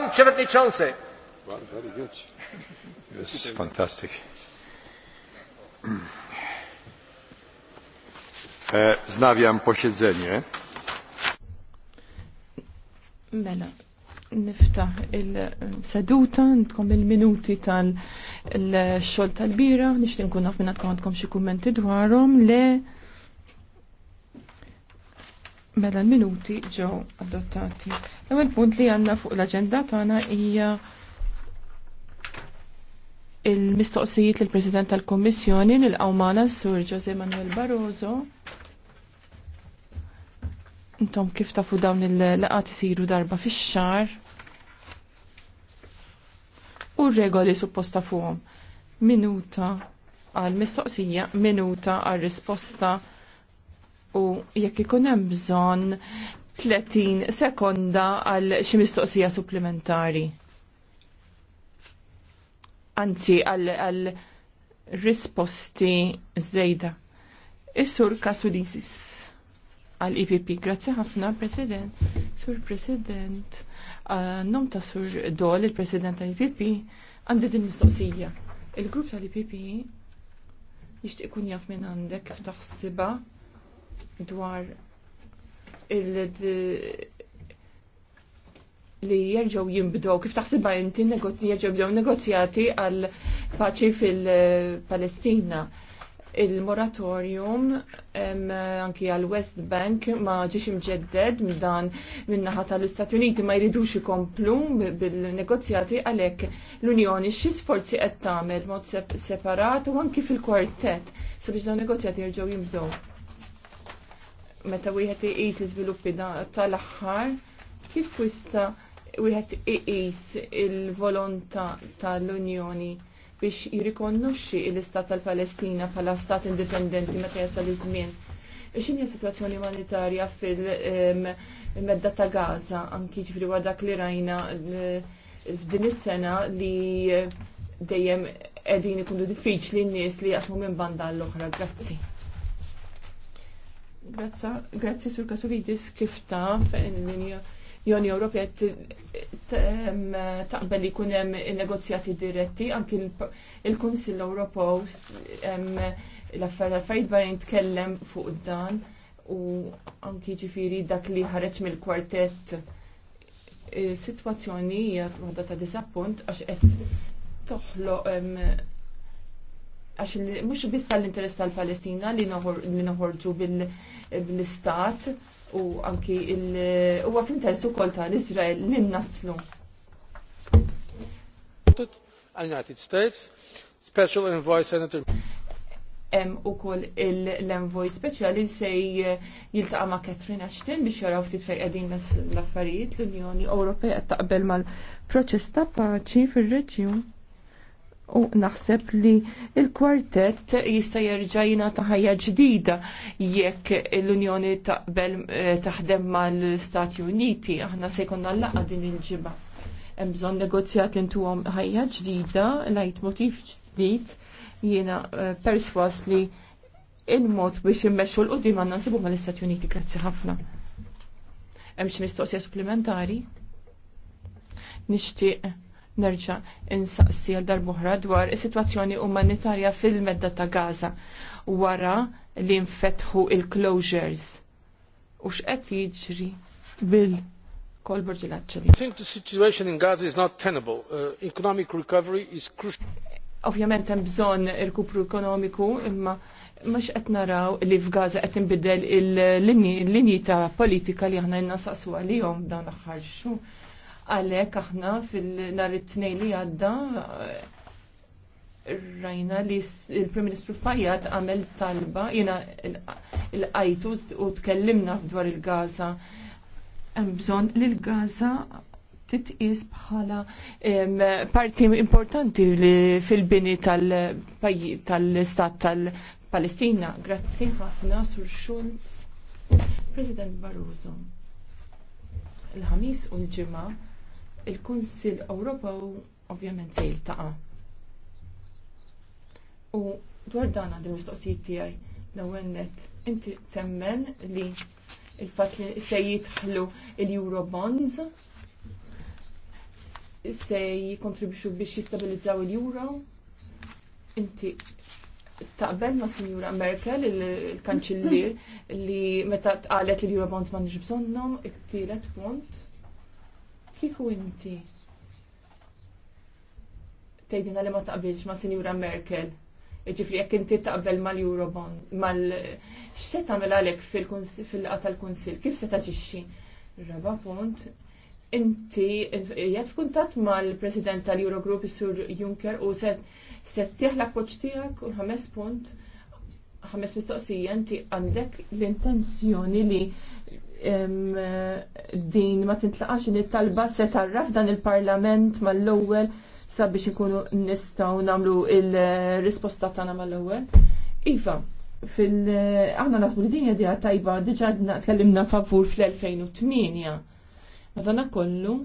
Pan Przewodniczący. Well, very Yes, fantastic. E, znawiam posiedzenie. Mela, niftaħ il-seduta, nitkom il-minuti tal-xol tal-bira, nix kun naf minna għandkom xie kummenti dwarom, le Mela l-minuti ġew adottati. L-ewwel punt li għandna fuq l-aġenda tagħna hija il-mistoqsijiet lill president tal-Kommissjoni lil qawmana Sur Jose Manuel Barroso. Intom kif tafu dawn il-laqat isiru darba fix-xar u regoli supposta fuqhom. Minuta għal mistoqsija, minuta għal risposta u jekk ikun hemm bżonn 30 sekonda għal xi mistoqsija supplementari. Anzi għal, għal risposti żejda. Is-sur Kasulisis għal IPP. Grazzi ħafna, President. Sur President, nom ta' Sur Dol, il-President tal IPP, għandi din mistoqsija. Il-grupp tal IPP jishtiq kun jaf minn għandek f'taħsiba dwar li jerġgħu jimbdow, kif ma inti jerġgħu bdew negozjati għal paċi fil-Palestina. Il-moratorium anki għal West Bank ma ġiex imġedded dan minnaħa tal-Istati Uniti ma jridux ikomplu bil-negozjati għalhekk l-Unjoni xis sforzi qed tagħmel mod separat u anki fil-kwartett sabiex dawn negozjati jerġgħu jinbdew meta wieħed iqis l-iżviluppi tal-aħħar, kif kwista wieħed iqis il-volontà tal-Unjoni biex jirrikonnoxxi l-Istat tal-Palestina bħala stat indipendenti meta jasal iż-żmien. X'inhi situazzjoni umanitarja fil-medda ta' Gaza anki ġifri dak li rajna eh, f'din is-sena li dejjem qegħdin ikunu diffiċli n-nies li jaqsmu minn banda l-oħra. Grazzi. Grazzi sur Kasuridis kif taf l joni Ewropea taqbel li jkun hemm negozjati diretti anki il-Kunsill Ewropew l-affarijiet barra jitkellem fuq dan u anki ġifiri dak li ħareġ mill-kwartett il-sitwazzjoni hija waħda ta' disappunt għax qed toħloq għax mhux l-interess tal-Palestina li noħorġu bil-istat u anki għaf fl-interess ukoll tal israel li naslu. United States, Special Envoy Senator hemm ukoll l-envoj speċjali se jiltaqa' ma' Catherine Ashton biex jaraw ftit fejn qegħdin l-affarijiet l-Unjoni Ewropea taqbel mal proċesta paċi fir-reġjun u naħseb li il-kwartett jista' jerġa' jina ta' ħajja ġdida jekk l-Unjoni taqbel eh, taħdem mal-Stati Uniti aħna se jkollna laqa din il-ġimgħa. Hemm bżonn negozjat intuhom ħajja ġdida, lajt motiv ġdid jiena eh, perswas li il-mod biex immexxu l-qudiem għandna nsibu mal-Istati Uniti. Grazzi ħafna. Hemm xi mistoqsija supplimentari? Nixtieq nerġa' insaqsi għal darb'oħra dwar is-sitwazzjoni umanitarja fil-medda ta' Gaza wara li nfetħu il-closures. U x'qed jiġri bil think the situation in Gaza is not tenable. Uh, economic recovery is crucial. Ovvjament hemm bżonn irkupru ekonomiku imma mhux qed naraw li f'Gaza qed inbidel il-linji ta' politika li aħna nnasaqsu għalihom dawn l-aħħar xhur Għalhekk aħna fil nar it-tnejn li għadda rajna li il-Prim Ministru Fajat għamel talba jiena il-qajtu u tkellimna dwar il-Gaza. Hemm bżonn li l-Gaza titqis bħala parti importanti fil-bini tal-istat tal-Palestina. Grazzi ħafna sur Schulz, President Barroso. Il-ħamis u l-ġimgħa il-Kunsill Ewropew ovvjament se jiltaqa. U dwar dan għandi mistoqsijiet tiegħi l-ewwel net inti temmen li il-fatt li se jidħlu il-Eurobonds se jikontribixu biex jistabilizzaw il-Euro inti taqbel ma' Sinjura Merkel, il-kanċillir, li meta tqalet il-Eurobonds ma' nġibżonnom, it-tielet punt Kieku inti tgħidilna li ma taqbilx ma' Sinjura Merkel, ġifri jekk inti taqbel mal-Eurobond, mal x'se tagħmel għalek fil-qa tal-Kunsill, kif se taġixxi? Raba punt, inti jgħid f'kuntatt mal-President tal-Eurogroup Sur Juncker u se tieħ la poċtijak tiegħek u ħames punt ħames mistoqsija inti għandek l-intenzjoni li din ma tintlaqax nittalba se tarraf dan il-parlament mal-ewwel sabiex ikunu nistgħu nagħmlu il-risposta tagħna mal-ewwel. Iva, fil aħna nasbu li din hija tajba diġà tkellimna favur fl-2008. Madonna kollu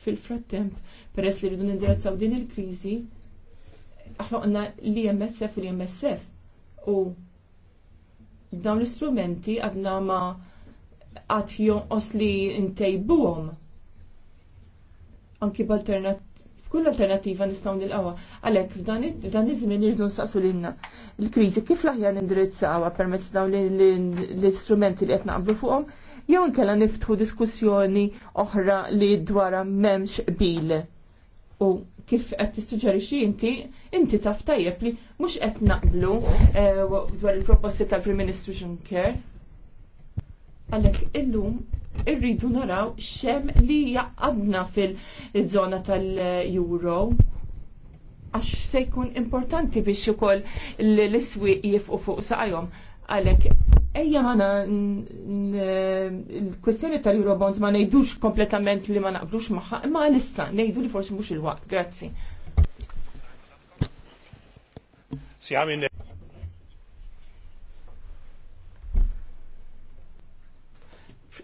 fil-frattemp peress li rridu nindirizzaw din il-kriżi aħloqna l-IMSF u l-IMSF u dawn l-istrumenti għadna ma' għat jonqos li ntejbuhom. Anki b'alternat f'kull alternativa nistgħu għawa Għalhekk f'dan iż-żmien irridu nsaqsu l-inna. l-kriżi kif l-aħjar nindirizzawha permezz dawn l-istrumenti li qed naqblu fuqhom jew inkella niftħu diskussjoni oħra li dwara m'hemmx qbil. U kif qed tissuġġerixxi inti, inti taf tajjeb li mhux qed naqblu eh, dwar il-proposti tal-Prim Ministru Juncker Għalhekk illum irridu naraw xem li jaqadna fil-żona tal-euro għax se jkun importanti biex ukoll l-iswi jifqu fuq saqajhom. Għalhekk ejja mana l-kwestjoni tal-Eurobonds ma ngħidux kompletament li ma naqblux magħha, imma għalissa ngħidu li forsi mhux il-waqt. Grazzi.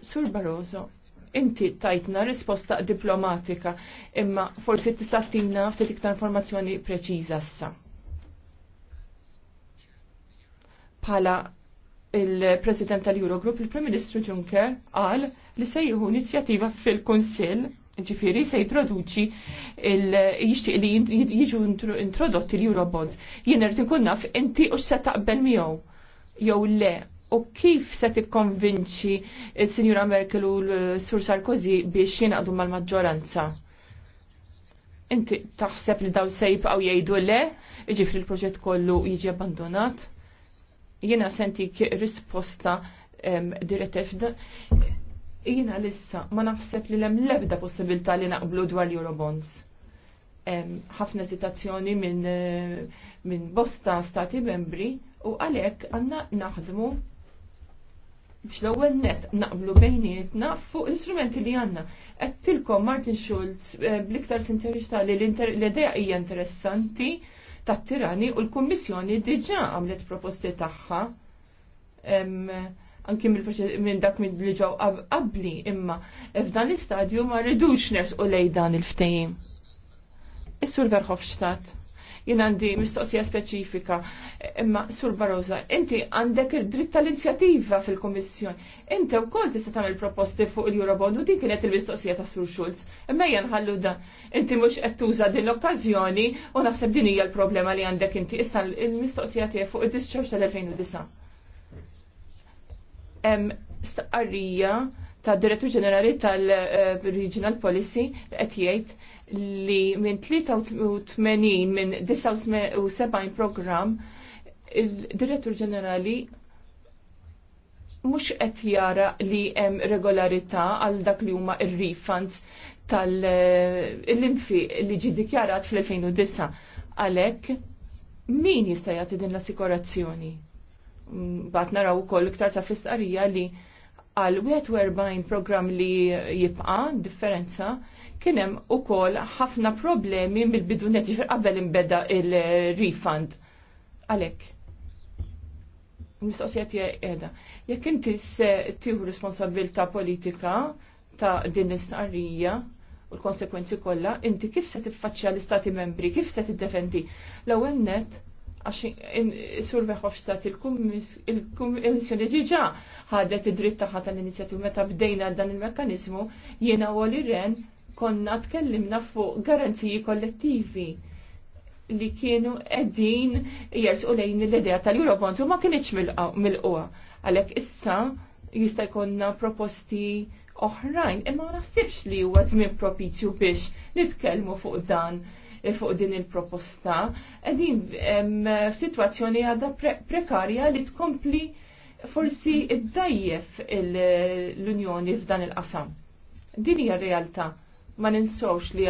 Sur Barroso, inti tajtna risposta diplomatika, imma forsi tista' ftit iktar informazzjoni preċiża issa. Pala il-President tal-Eurogroup, il-Prim Ministru Juncker, qal li se jieħu inizjattiva fil-Kunsill ġifiri se jitroduċi jixtieq li jiġu introdotti l-Eurobonds. Jien irid inkun naf inti u se taqbel miegħu jew le u kif se tikkonvinċi il-Sinjura Merkel u l-Sur Sarkozy biex jinaqdu mal-maġġoranza? Inti taħseb li daw se jibqgħu jgħidu le, jiġifieri l-proġett kollu jiġi abbandonat? Jiena sentik risposta diretta Jiena lissa ma naħseb li lem lebda possibilità li naqblu dwar Eurobonds ħafna esitazzjoni minn eh, min bosta stati membri u għalek għanna naħdmu biex l-ewwel net naqblu bejnietna fuq l-istrumenti li għandna. Għedtilkom Martin Schulz eh, bliktar sinċerista li l-idea hija interessanti tat tirani u l-Kummissjoni diġà għamlet proposti tagħha anki minn dak minn li ġew qabli imma f'dan l-istadju ma rridux nersqu lejn dan il-ftehim. Is-Sur Verhofstadt jien għandi mistoqsija speċifika. Imma Sur Barroza, inti għandek il-dritt tal-inzjattiva fil-Kummissjoni. Inti wkoll tista' tagħmel proposti fuq il-Eurobond u din kienet il-mistoqsija ta' Sur Schulz. Imma hija nħallu dan. Inti mhux qed tuża din l-okkażjoni u naħseb din hija l-problema li għandek inti issa l-mistoqsija tiegħek fuq id-discharge tal-2009. Hemm staqarrija ta' Direttur Ġenerali tal-Regional eh, Policy qed jgħid li minn 83 minn 79 program il-direttur ġenerali mhux qed jara li hemm regolarità għal dak li huma ir-refunds tal-infi eh, li ġi dikjarat fl-2009. Għalhekk min jista' jagħti din l-assikurazzjoni? Bat naraw ukoll iktar ta' fl-istqarrija li għal 41 program li jibqa' differenza kien hemm ukoll ħafna problemi mill-bidunet ġifir qabel imbeda il-refund. Għalhekk. Mistoqsijat jgħeda. Jekk inti se tieħu responsabilità politika ta' din l-istqarrija u l-konsekwenzi kollha, inti kif se tiffaċċja l-istati membri, kif se tiddefendi? L-ewwel net għax sur Verhofstadt il-Kummissjoni ġiġa ħadet id-dritt taħħa tal-inizjattiv meta bdejna dan il-mekkanizmu jiena u li ren konna tkellimna fuq garanziji kollettivi li kienu edin jersu lejn l-idea tal eurobond u ma kienieċ mil qwa Għalek issa jista' jkollna proposti oħrajn, imma ma naħsibx li huwa żmien propizju biex nitkellmu fuq dan fuq din il-proposta. Qegħdin f'sitwazzjoni għadha prekarja li tkompli forsi id-dajjef l-Unjoni f'dan il-qasam. Din hija realtà ma ninsowx li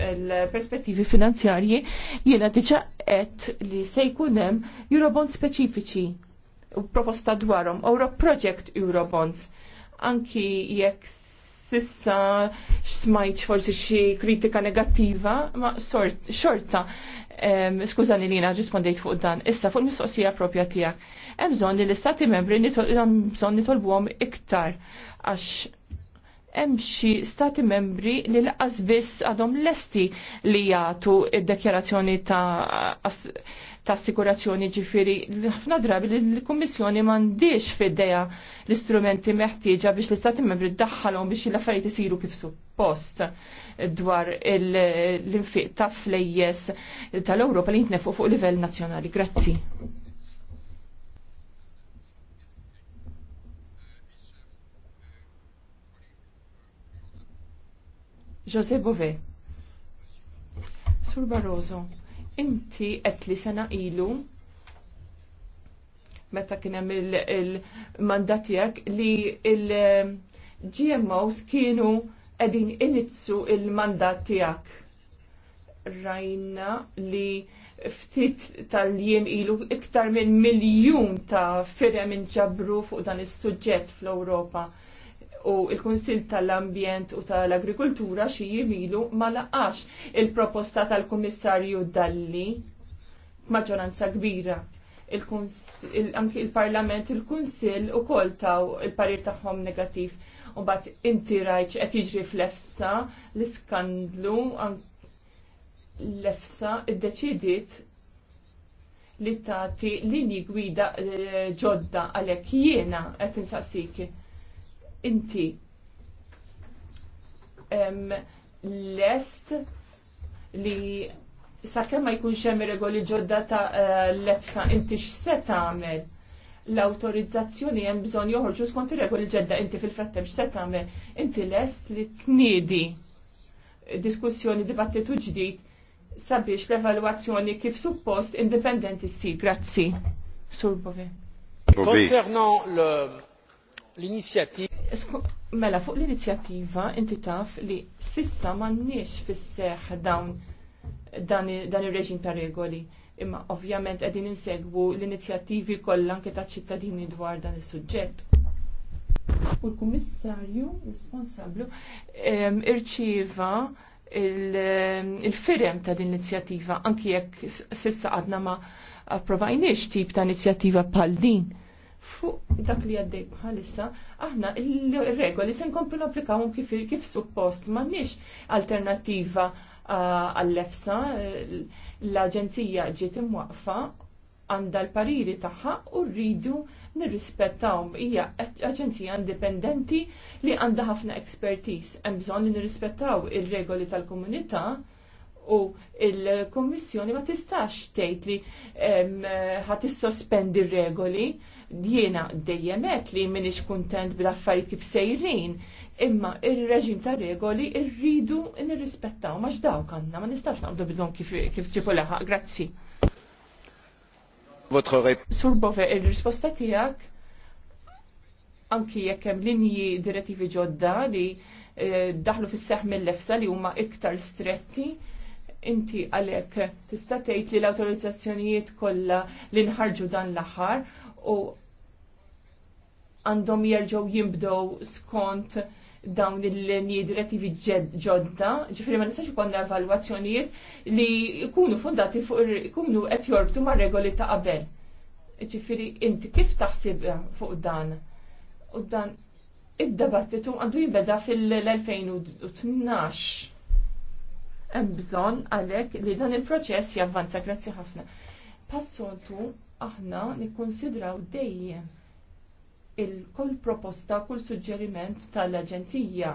l-perspettivi finanzjarji jiena diġa qed li se jkun hemm Eurobond speċifiċi proposta dwarhom Euro Project Eurobonds anki jekk sissa smajċ forsi xi kritika negattiva ma sort, xorta um, skużani li jina rispondejt fuq dan, issa fuq mistoqsija propja tijak. bżonn li l-istati membri bżon nitolbuhom iktar għax hemm xi stati membri li laqas biss għadhom lesti li jagħtu id-dekjarazzjoni ta' ta' assikurazzjoni ġifiri ħafna drabi li l-Kummissjoni m'għandix f'idea l-istrumenti meħtieġa biex l-Istati membri ddaħħalhom biex l-affarijiet isiru kif suppost dwar l-infiq ta' flejjes tal-Ewropa li jitnefu fuq livell nazzjonali. Grazzi. José Bové. Sur Barroso, inti qed li sena ilu meta kien hemm il-mandat tiegħek li il-GMOs kienu qegħdin inizzu il-mandat tiegħek. Rajna li ftit tal-jiem ilu iktar minn miljun ta' firem inġabru fuq dan is-suġġett fl-Ewropa u il-Kunsil tal-Ambjent u tal-Agrikultura xi jimilu ma laqax il-proposta tal-Kummissarju Dalli maġġoranza kbira. Anki il-Parlament, il-Kunsil u kol taw il-parir tagħhom negattiv. U bat inti rajċ qed jiġri fl-EFSA l-iskandlu l-EFSA iddeċidiet li tagħti linji gwida eh, ġodda għalhekk jiena qed insaqsiki inti lest li sakemm ma jkunx hemm regoli ġodda ta' eh, l-efsa inti x'se tagħmel l-awtorizzazzjoni hemm bżonn joħorġu skont ir-regoli ġedda inti fil-frattem x'se tagħmel inti lest li tniedi diskussjoni dibattitu ġdid sabiex l-evalwazzjoni kif suppost indipendenti si. Grazzi. Sur Bovi. Concernant l'initiative Mela, fuq l-inizjattiva inti taf li sissa m'għandniex nix fisseħ dawn dan ir-reġim ta' regoli. Imma ovvjament qegħdin insegwu l-inizjattivi kollha anke taċ-ċittadini dwar dan is-suġġett. U l-kummissarju responsablu ehm, irċieva il-firem ta' din l-inizjattiva anki jekk sissa għadna ma approvajniex tip ta' inizjattiva bħal din fuq dak li għaddej bħalissa, aħna il-regoli se nkomplu napplikawhom kif kif suppost m'għandniex alternattiva uh, għall-EFSA, l-Aġenzija ġiet imwaqfa għandha l-pariri tagħha u rridu nirrispettawhom. Hija aġenzija indipendenti li għandha ħafna expertise. Hemm bżonn li nirrispettaw ir-regoli tal-komunità u il-Kommissjoni ma tistax tgħid li ħadd sospendi r-regoli jiena dejjem li minix kuntent bl-affarijiet kif sejrin, imma ir-reġim ta' regoli rridu nirrispettaw maġ dawk għandna ma nistax naqdu bidhom kif ġipu laħa, Grazzi. Surbove, Sur ir-risposta tiegħek anki jekk hemm linji direttivi ġodda li eh, daħlu fis-seħ mill-lefsa li huma iktar stretti, inti għalek tista' tgħid li l-awtorizzazzjonijiet kollha li nħarġu dan l-aħħar u għandhom jerġgħu jimbdow skont dawn il-linji direttivi ġodda, ġifri ma nistax ikonna evalwazzjonijiet li jkunu fundati fuq jkunu qed jorbtu ma' regoli ta' qabel. Ġifri inti kif taħsib fuq dan? U dan id-debattitu għandu jibeda fil-2012. Hemm bżonn għalhekk li dan il-proċess javvanza grazzi ħafna. Passontu aħna nikkonsidraw dejjem il-kull proposta, kull suġġeriment tal-Aġenzija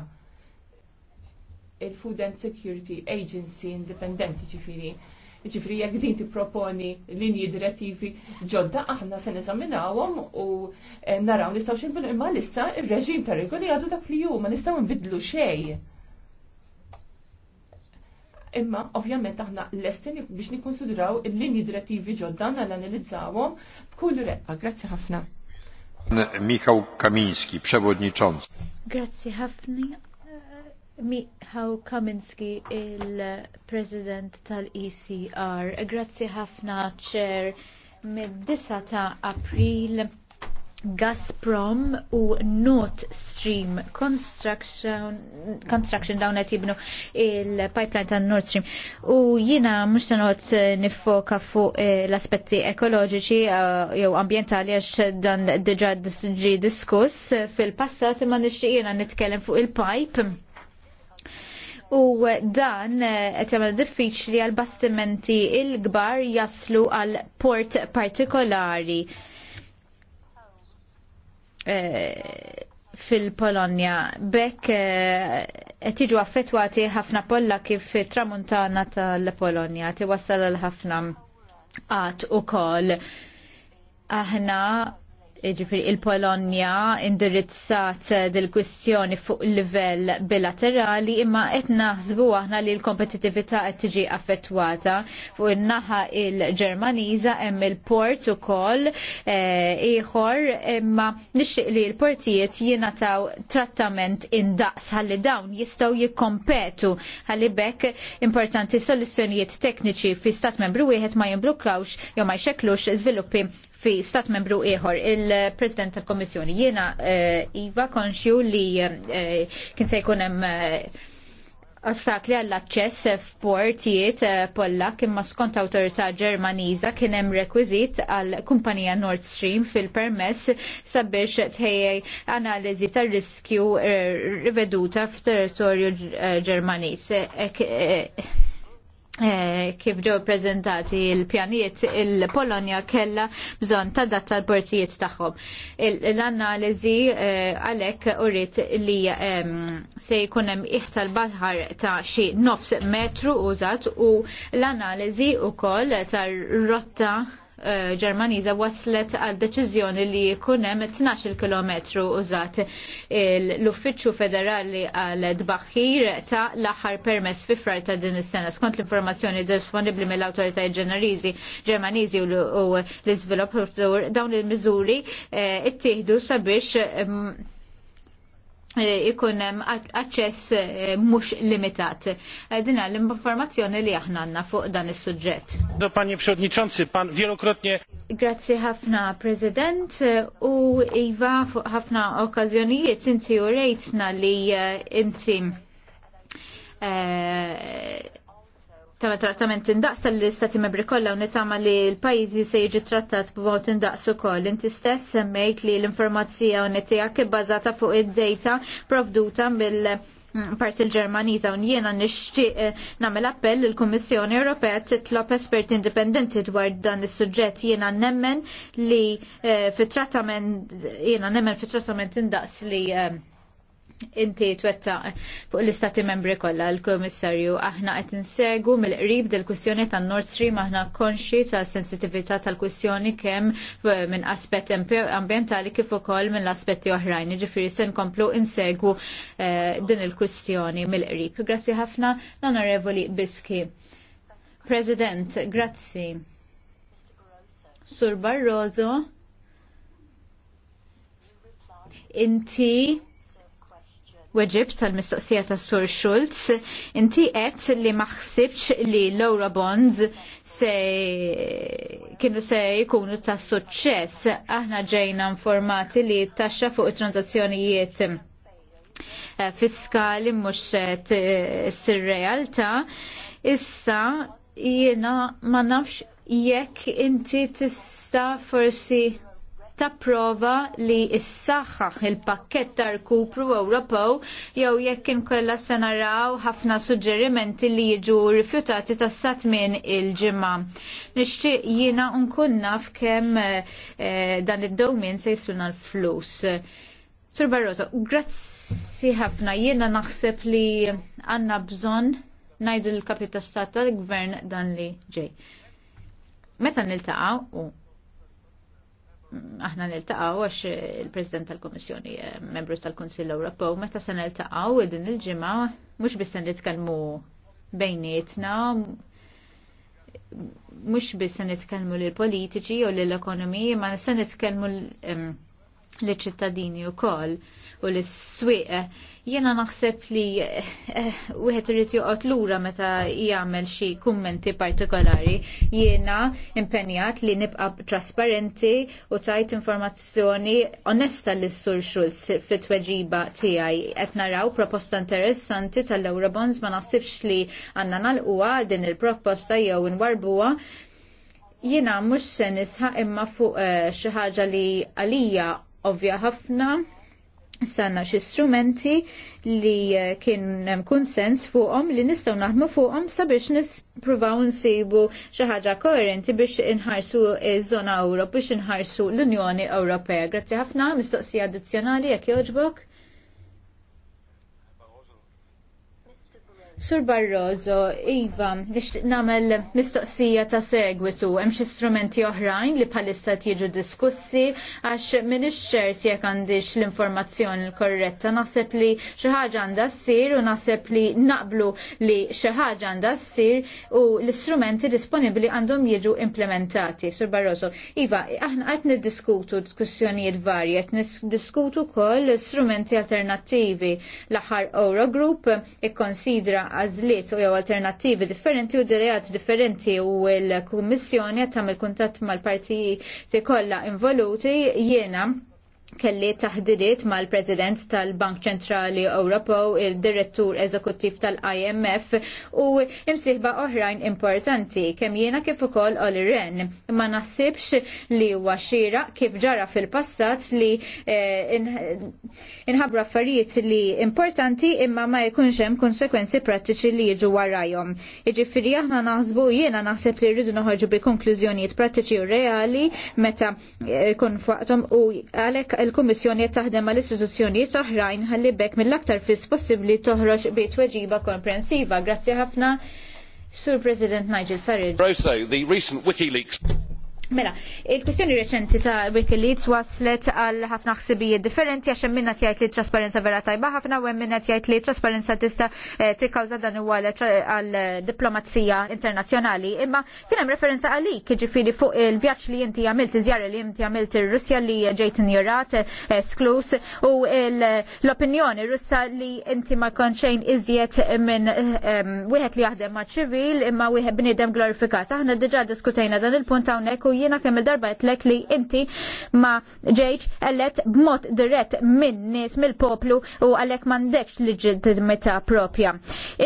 il-Food and Security Agency Independenti ġifiri. Ġifiri, jek din tipproponi linji direttivi ġodda, aħna se niżaminawhom u eh, naraw nistgħu xinbun imma l-issa ir reġim ta' regoli għadu dak li ju, ma nistgħu nbidlu xejn imma ovvjament aħna l-estin biex nikkonsidraw il-linji direttivi ġoddan għal-analizzawom b'kull reqqa. Ah, grazzi ħafna. Michał Kaminski, przewodniczący. Grazzi ħafna. Michał Kaminski, il-president tal-ECR. Grazzi ħafna, ċer, mid disa ta' april Gazprom u Nord Stream Construction, Construction dawn qed jibnu il-pipeline ta' Nord Stream. U jiena mhux se noqgħod nifoka fuq eh, l-aspetti ekoloġiċi eh, jew ambjentali għax dan diġà ġi diskuss fil-passat imma nixtieq jiena nitkellem fuq il-pipe. U dan eh, qed jagħmel diffiċli għal bastimenti il-kbar jaslu għal port partikolari Eh, fil-Polonja. Bekk eh, qed jiġu affettwati ħafna Polla kif tramuntana tal-Polonja tiwassal għal ħafna qatt ukoll. Aħna ġifiri il-Polonja indirizzat eh, dil-kwistjoni fuq livell bilaterali imma qed naħsbu aħna li l-kompetitività qed tiġi affettwata fuq in-naħa il-Ġermaniża hemm il-port ukoll eh, ieħor imma nixtieq li l-portijiet jingħataw trattament indaqs ħalli dawn jistgħu jikkompetu ħalli bekk importanti soluzzjonijiet tekniċi fi stat membru wieħed ma jimblukkawx jew ma jxeklux żviluppi fi stat membru ieħor il-President tal-Kommissjoni. Jiena eh, Iva konxju li eh, kien se jkun hemm eh, ostakli għall aċċess f'portijiet Pollak imma skont awtorità Ġermaniża kien hemm rekwiżit għal kumpanija Nord Stream fil-permess sabiex tħejjej analiżi tar-riskju riveduta f'territorju Ġermaniż Eh, kif ġew prezentati il-pjanijiet il-Polonja kella bżonn ta' dat tal-portijiet tagħhom. L-analiżi eh, għalhekk e, urrit li ehm, se jkun hemm iħtal baħar ta' xi nofs metru użat u l-analiżi wkoll tar-rotta Eh, Ġermaniża waslet għal deċiżjoni li jkun hemm 12 km użat l-Uffiċċju Federali għal dbaħħir ta' l-aħħar permess fi frar ta' din is-sena. Skont l-informazzjoni disponibbli mill-awtoritajiet Ġermaniżi Ġermaniżi u l-iżvilupp dawn il-miżuri eh, ittieħdu sabiex mm, Eh, ikun aċċess eh, mhux limitat. Eh, dina l-informazzjoni li aħna għandna fuq dan is-suġġett. Do panie przewodniczący, pan wielokrotnie Grazzi ħafna President u Iva fuq ħafna okkażjonijiet inti u rejtna li inti tama trattament indaqs tal-istati membri kollha u nitama li l-pajjiżi se jiġi trattat b'mod indaqs ukoll. Inti stess semmejt li l-informazzjoni tiegħek ibbażata fuq id-data provduta mill mm, parti l ġermaniza u jiena nixtieq eh, nagħmel appell il kummissjoni Ewropea titlob esperti indipendenti dwar dan is-suġġett jiena nemmen li eh, fit-trattament jiena nemmen fit-trattament indaqs li eh, inti twetta fuq l-istati membri kollha l-Kummissarju aħna qed insegu mill-qrib dil-kwistjoni tan-Nord Stream aħna konxi tas-sensitività tal-kwistjoni kemm eh, minn aspett ambjentali kif ukoll minn aspetti oħrajn. Ġifieri se nkomplu insegu eh, din il-kwistjoni mill-qrib. Grazzi ħafna l-Onorevoli Biski. President, grazzi. Sur Barroso, inti weġib tal-mistoqsija tas Sur Schultz, inti qed li maħsibx li l-Euro Bonds se kienu se jkunu ta' suċċess. Aħna ġejna informati li taxxa fuq it eh, fiskali mhux s eh, realtà issa jiena ma nafx jekk inti tista' forsi prova li s-saxħax il-pakket ta' rkupru Ewropew jew jekk kollha se naraw ħafna suġġerimenti li jiġu rifjutati tas sat minn il-ġimgħa. Nixtieq jiena nkun naf kemm eh, dan id-dowmin se jsuna l-flus. Sur Barroso, grazzi ħafna jiena naħseb li għandna bżonn ngħidu l-kapita stat tal-gvern dan li ġej. Meta niltaqgħu u aħna niltaqgħu għax il-President tal-Kummissjoni eh, membru tal-Kunsill Ewropew meta se niltaqgħu din il-ġimgħa mhux biss se nitkellmu bejnietna mhux biss se nitkellmu lil politiċi u lil ekonomiji ma se nitkellmu l-ċittadini wkoll u l-swieq Jena naħseb li eh, wieħed irid joqgħod lura meta jagħmel xi kummenti partikolari. Jiena impenjat li nibqa' trasparenti u tajt informazzjoni onesta lis sur Schulz fit-tweġiba tiegħi. Qed naraw proposta interessanti tal-Eurobonds ma naħsibx li għandna nalquha din il-proposta jew inwarbuha Jiena mhux se nisħaq imma fuq eh, xi ħaġa li għalija ovvja ħafna sanna xi strumenti li eh, kien hemm kunsens fuqhom li nistgħu naħdmu fuqhom sabiex nispruvaw nsibu xi ħaġa koerenti biex inħarsu iż-żona Ewro biex inħarsu l-Unjoni Ewropea. Grazzi ħafna, mistoqsija addizzjonali jekk jogħġbok. Sur Barroso, Iva, nix namel mistoqsija ta' segwitu, hemm xi strumenti oħrajn li bħalissa tiġu diskussi għax minix ċert jekk għandix l-informazzjoni korretta. Naħseb li xi ħaġa għandha ssir u naħseb li naqblu li xi ħaġa għandha ssir u l-istrumenti disponibbli għandhom jiġu implementati. Sur Barroso, Iva, aħna qed niddiskutu diskussjonijiet varji, qed niddiskutu wkoll strumenti alternattivi. L-aħħar Eurogroup ikkonsidra għażliet u jew alternattivi differenti u direjat differenti u l-Kummissjoni tagħmel kuntat mal-partiji kollha involuti jiena kelli taħdidiet mal-President tal-Bank Ċentrali Ewropew, il-Direttur Eżekuttiv tal-IMF u imsieħba oħrajn importanti kemm jiena kif ukoll Oli Ren. Ma nasibx li huwa xira kif ġara fil-passat li eh, inħabra affarijiet li importanti imma ma jkunx hemm konsekwenzi prattiċi li jiġu warajhom. Jiġifieri aħna naħsbu jiena naħseb li rridu noħorġu bi konklużjonijiet prattiċi u reali meta jkun eh, u għalhekk il-Kummissjoni qed taħdem mal istituzzjonijiet oħrajn ħalli bekk mill-aktar fis possibbli toħroġ bi tweġiba komprensiva. Grazzi ħafna, Sur President Nigel Farage. Barroso, the recent WikiLeaks Mela, il-kwistjoni reċenti ta' Wikileaks waslet għal ħafna ħsibijiet differenti għax minna tjajt li trasparenza vera tajba ħafna u minna tjajt li trasparenza tista' eh, tikkawża dan huwa għal diplomazija internazzjonali. Imma kien hemm referenza għalik jiġifieri fuq il-vjaġġ li inti għamilt iżjara li inti għamilt ir-Russja li ġejt injurat eh, sklus u l-opinjoni Russa li inti ma konxejn iżjed minn eh, wieħed li jaħdem ma' ċivil imma wieħed bniedem glorifikat. Aħna diġà diskutejna dan il-punt hawnhekk u jiena kemm il-darba għetlek li inti ma ġejġ għallet b'mod dirett minn nies mill-poplu u għalek mandekx leġitimità propja.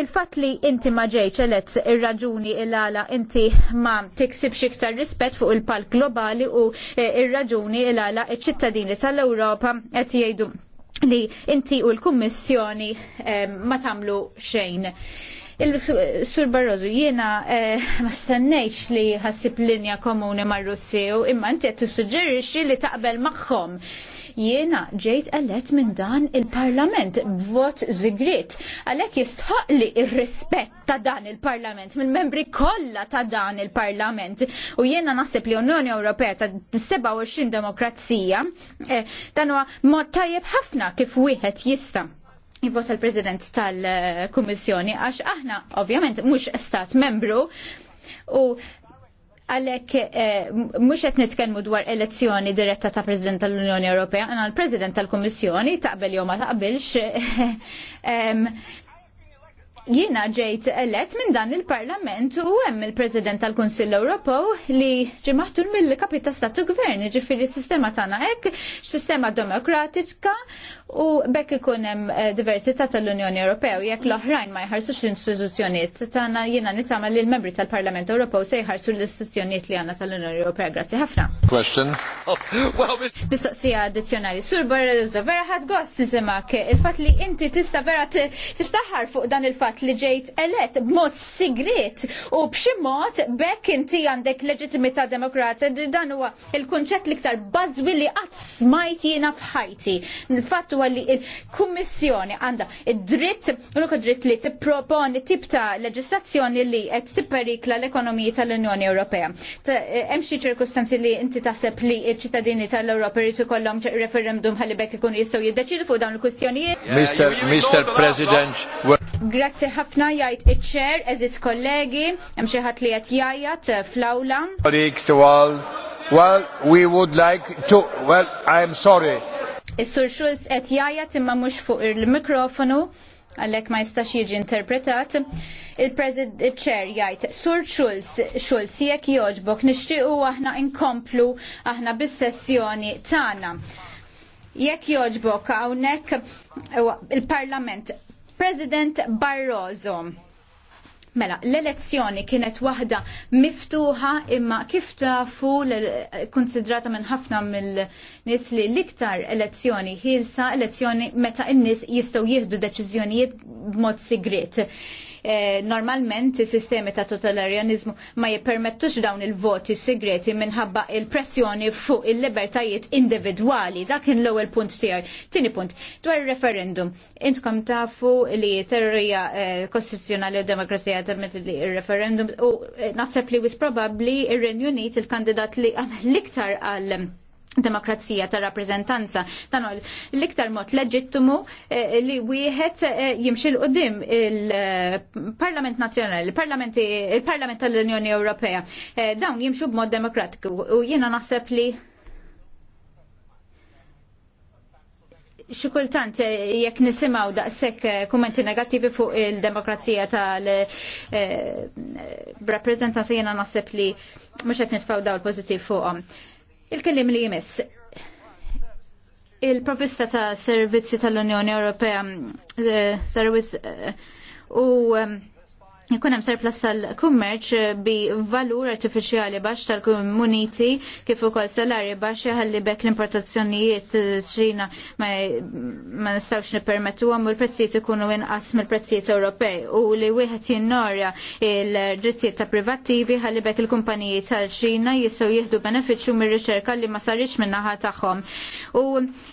Il-fat li inti ma ġejġ għallet ir-raġuni il-għala inti ma tiksibx iktar rispett fuq il-palk globali u e, ir-raġuni il-għala iċ-ċittadini tal-Ewropa qed jgħidu li inti u l-Kummissjoni ma tagħmlu xejn. Il-Sur Barroso, jiena eh, ma stennejx li ħassib linja komuni mar russiju imma inti qed tissuġġerixxi li taqbel magħhom. Jiena ġejt għallet minn dan il-Parlament Vot zigrit, għalhekk jistħaq li il rispett ta' dan il-Parlament mill-membri kollha ta' dan il-Parlament. U jiena naħseb li Unjoni Ewropea ta' 27 demokrazija eh, dan huwa mod tajjeb ħafna kif wieħed jista' jivvota l-President tal-Kummissjoni għax aħna ovvjament mhux stat membru u għalek eh, mhux mux għet nitkenmu dwar elezzjoni diretta ta' President tal-Unjoni Ewropea, għana l-President tal-Kommissjoni taqbel jew ma taqbilx. Jiena Jina ġejt elett minn dan il-Parlament u hemm il-President tal-Kunsill Ewropew li ġimaħtur mill-kapita statu gvern, ġifiri sistema tagħna hekk, sistema demokratika u bekk ikun hemm eh, diversità tal-Unjoni Ewropew jekk l-oħrajn ma jħarsux l-istituzzjonijiet tagħna jiena nitgħamel li l-membri tal-Parlament Ewropew se jħarsu l-istituzzjonijiet li għandna tal-Unjoni Ewropea. Grazzi ħafna. Question. Oh, Mistoqsija addizzjonali. Sur Barroso, vera ħadd gost nisimak il-fatt li inti tista' vera tiftaħar fuq dan il-fatt li ġejt elett b'mod sigriet u b'xi mod bekk inti għandek leġittimità demokratika dan huwa il-kunċett l-iktar bażwi li qatt smajt jiena f'ħajti. Il-fatt huwa li il kummissjoni għandha id-dritt, unuk id dritt li tipproponi tip ta' leġislazzjoni li qed tipperikla l-ekonomiji tal-Unjoni Ewropea. Eh, hemm xi ċirkustanzi li inti taħseb li ċ-ċittadini tal-Ewropa jrid ikollhom referendum ħalli bekk ikun jistgħu jiddeċidu fuq dawn il-kwistjonijiet. Mr. President. Grazzi ħafna jgħid iċ-ċer, eżis kollegi, hemm xi ħadd li qed jgħajjat eh, fl-awla. Well, we would like to, well, I'm sorry. Is-Sur Schulz qed jajat imma mhux fuq il-mikrofonu għalhekk ma jistax jiġi interpretat. Il-Chair jgħid, Sur Schulz, Schulz, jekk joġbok, nixtiequ aħna inkomplu aħna bis-sessjoni tagħna. Jekk joġbok hawnhekk il-Parlament, President Barroso, Mela, l-elezzjoni kienet waħda miftuħa imma kif tafu konsidrata minn ħafna mill-nis li l-iktar elezzjoni ħilsa elezzjoni meta n-nis jistaw jieħdu deċiżjonijiet b'mod sigrit. Eh, normalment is-sistemi ta' totalitarianizmu ma jippermettux dawn il-voti segreti minħabba il-pressjoni fuq il-libertajiet individwali. Dak kien l-ewwel punt tiegħi. Tieni punt, dwar ir-referendum. Intkom tafu li terrija eh, kostituzzjonali u demokrazija termet li ir-referendum u eh, naħseb li wis probabbli ir-Renju Unit il-kandidat li għamel l-iktar għal demokrazija ta' rappresentanza dan l-iktar mod leġittimu eh, li wieħed eh, jimxil qudiem il-Parlament Nazzjonali, il-Parlament tal-Unjoni Ewropea. Eh, dawn jimxu b'mod demokratiku u jiena naħseb li xikultant jekk nisimaw daqshekk kummenti negattivi fuq il-demokrazija tal-rappresentanza jiena naħseb li mhux qed nitfgħu dawl pożittiv fuqhom. Il-kellim li jmiss. Il-provista ta' servizzi tal-Unjoni Ewropea, eh, servizz eh, u eh, Jkun hemm surplus tal-kummerċ bi valur artifiċjali baxx tal-kumuniti kif ukoll salari baxx ħalli bekk l-importazzjonijiet ċina ma nistgħux nippermettuhom u l-prezzijiet ikunu inqas mill-prezzijiet Ewropej u li wieħed jinnorja l-drittijiet ta' privattivi ħalli bekk il-kumpaniji tal-Ċina jistgħu jieħdu benefiċċju mir-riċerka li ma saritx min-naħa tagħhom. U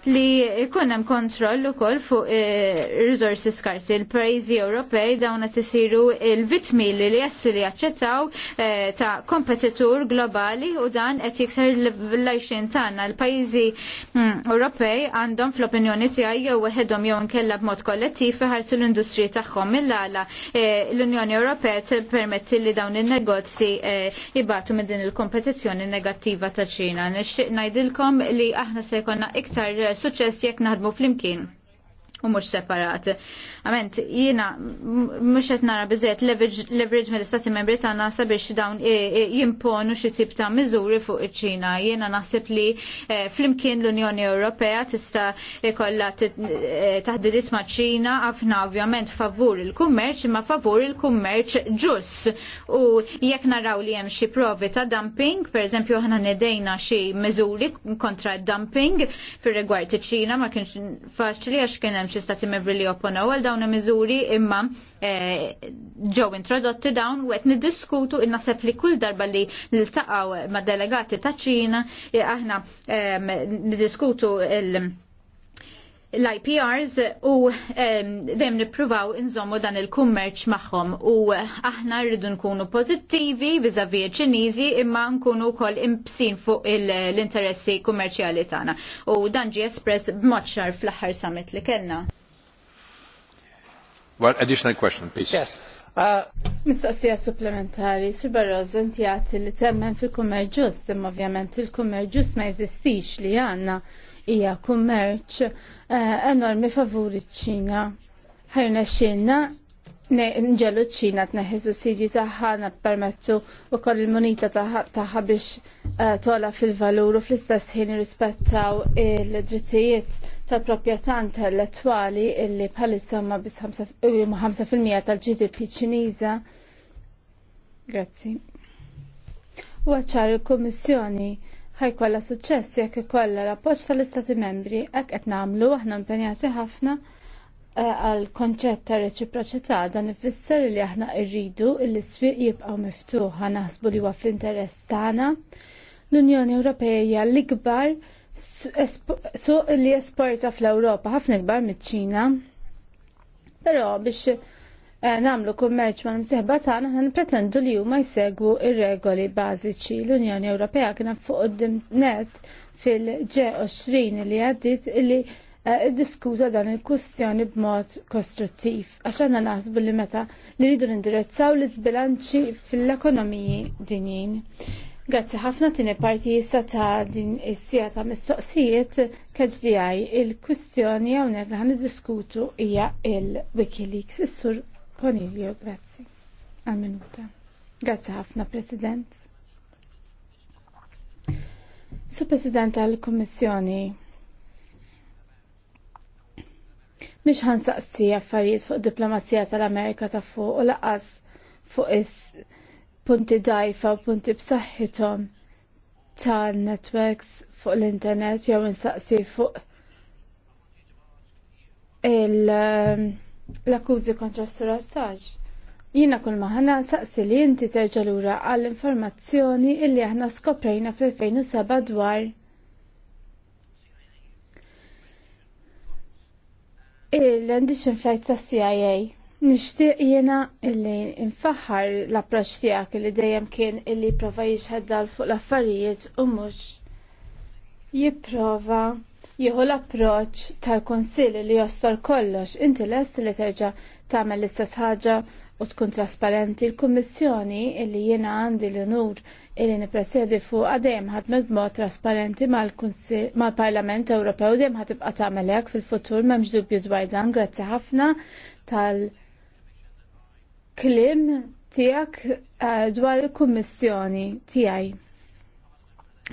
li jkun hemm kontroll ukoll fuq eh, riżorsi skarsi. Il-pajjiżi Ewropej dawn qed isiru il il-vitmi li li jessu li jaċċettaw eh, ta' kompetitur globali u dan qed jiksar l-lajxin tagħna. l pajjiżi mm, Ewropej għandhom fl-opinjoni tiegħi jew weħedhom jew nkella b'mod kollettiv iħarsu l-industriji tagħhom mill-għala eh, l-Unjoni Ewropea tippermetti li dawn in-negozji eh, jibatu minn din il-kompetizzjoni negattiva ta' Ċina. Nixtieq ngħidilkom li aħna se jkollna iktar suċċess jekk naħdmu flimkien u mhux separat. Għament, jiena mhux qed nara biżejt leverage mill-Istati Membri nasa sabiex dawn jimponu xi tip ta' miżuri fuq iċ-Ċina. Jiena naħseb li eh, flimkien l-Unjoni Ewropea tista' jkollha taħdidis eh, ma' ċina ħafna ovvjament favur il-kummerċ imma favur il-kummerċ ġus. U jekk naraw li hemm xi provi ta' dumping, pereżempju aħna nedejna xi miżuri kontra dumping fir-rigward ċina ma kienx faċli għax kien hemm xi stati membri li opponaw għal dawn il-miżuri imma eh, ġew introdotti dawn u qed niddiskutu innaseb li kull darba li niltaqgħu ma' delegati ta' Ċina eh, aħna eh, niddiskutu il- l-IPRs u dem nipruvaw inżommu dan il-kummerċ maħħom u aħna rridu nkunu pozittivi vizavi ċinizi imma nkunu kol imbsin fuq l-interessi kummerċjali tagħna. U dan ġi espress b'moċċar fl-aħħar summit li kellna. One additional question, please. Yes. Uh, Mistoqsija supplementari, Sir Barroz, inti li temmen fil-kummerġust, imma ovvjament il-kummerġust ma jeżistix li għanna hija kummerċ eh, enormi favuri ċina Ħajna xinna nġellu ċ-Ċina tneħħi sussidji tagħha u wkoll il-munita taħħa biex eh, tola fil-valur u fl-istess ħin rispettaw il-drittijiet tal-proprjetà intellettwali illi bħalissa ma bis 5% tal-GDP ċiniża. Grazzi. U għacċar il-Kommissjoni kolla suċċess jekk ikolla l-appoġġ tal-Istati Membri hekk qed nagħmlu aħna impenjati ħafna eh, għal konċett ta' reċiproċità dan ifisser li aħna rridu l swieq jibqgħu miftuħa naħsbu li huwa fl-interess tagħna. L-Unjoni Ewropea hija l-ikbar suq li esporta fl-Ewropa ħafna ikbar miċ-Ċina. Però biex Eh, namlu kummerċ ma' msieħba tagħna ħan pretendu li huma jsegwu ir-regoli bażiċi. L-Unjoni Ewropea kienet fuq id-net fil-G20 li għaddit li eh, diskuta dan il-kustjoni b'mod kostruttiv. Għax għanna naħsbu li meta li rridu nindirizzaw l sbilanċi fil-ekonomiji dinjin. Grazzi ħafna tini parti jissa ta' din is ta' mistoqsijiet KGDI il-kustjoni għawnek li ħan diskutu hija il-Wikileaks, is-sur Cornelio, grazzi. Għal minuta. Grazzi ħafna, President. Su President għal Kommissjoni, Mish ħan saqsi affarijiet fuq diplomazija tal-Amerika ta' fuq u laqas fuq is punti dajfa u punti b'saħħithom tal-networks fuq l-internet jew insaqsi fuq il- um, l-akkużi kontra s-sur Assange. Jina kull maħna saqsi li inti terġa lura għall-informazzjoni illi aħna skoprejna fil-2007 dwar il-rendition flight ta' CIA. Nishtiq jena illi infaħħar l-approċ tijak illi dejjem kien illi prova jixħaddal fuq l-affarijiet u mux jipprova jieħu l-approċ tal-konsil li jostor kollox, inti lest li terġa' tagħmel l-istess ħaġa u tkun trasparenti l-Kummissjoni li jiena għandi l-unur li nippresedi fuq dejjem ħadmet b'mod trasparenti mal-Parlament Ewropew dejjem ħatibqa' tagħmel hekk fil-futur m'hemmx dubju dwar dan grazzi ħafna tal-klim tiegħek eh, dwar il-Kummissjoni tiegħi.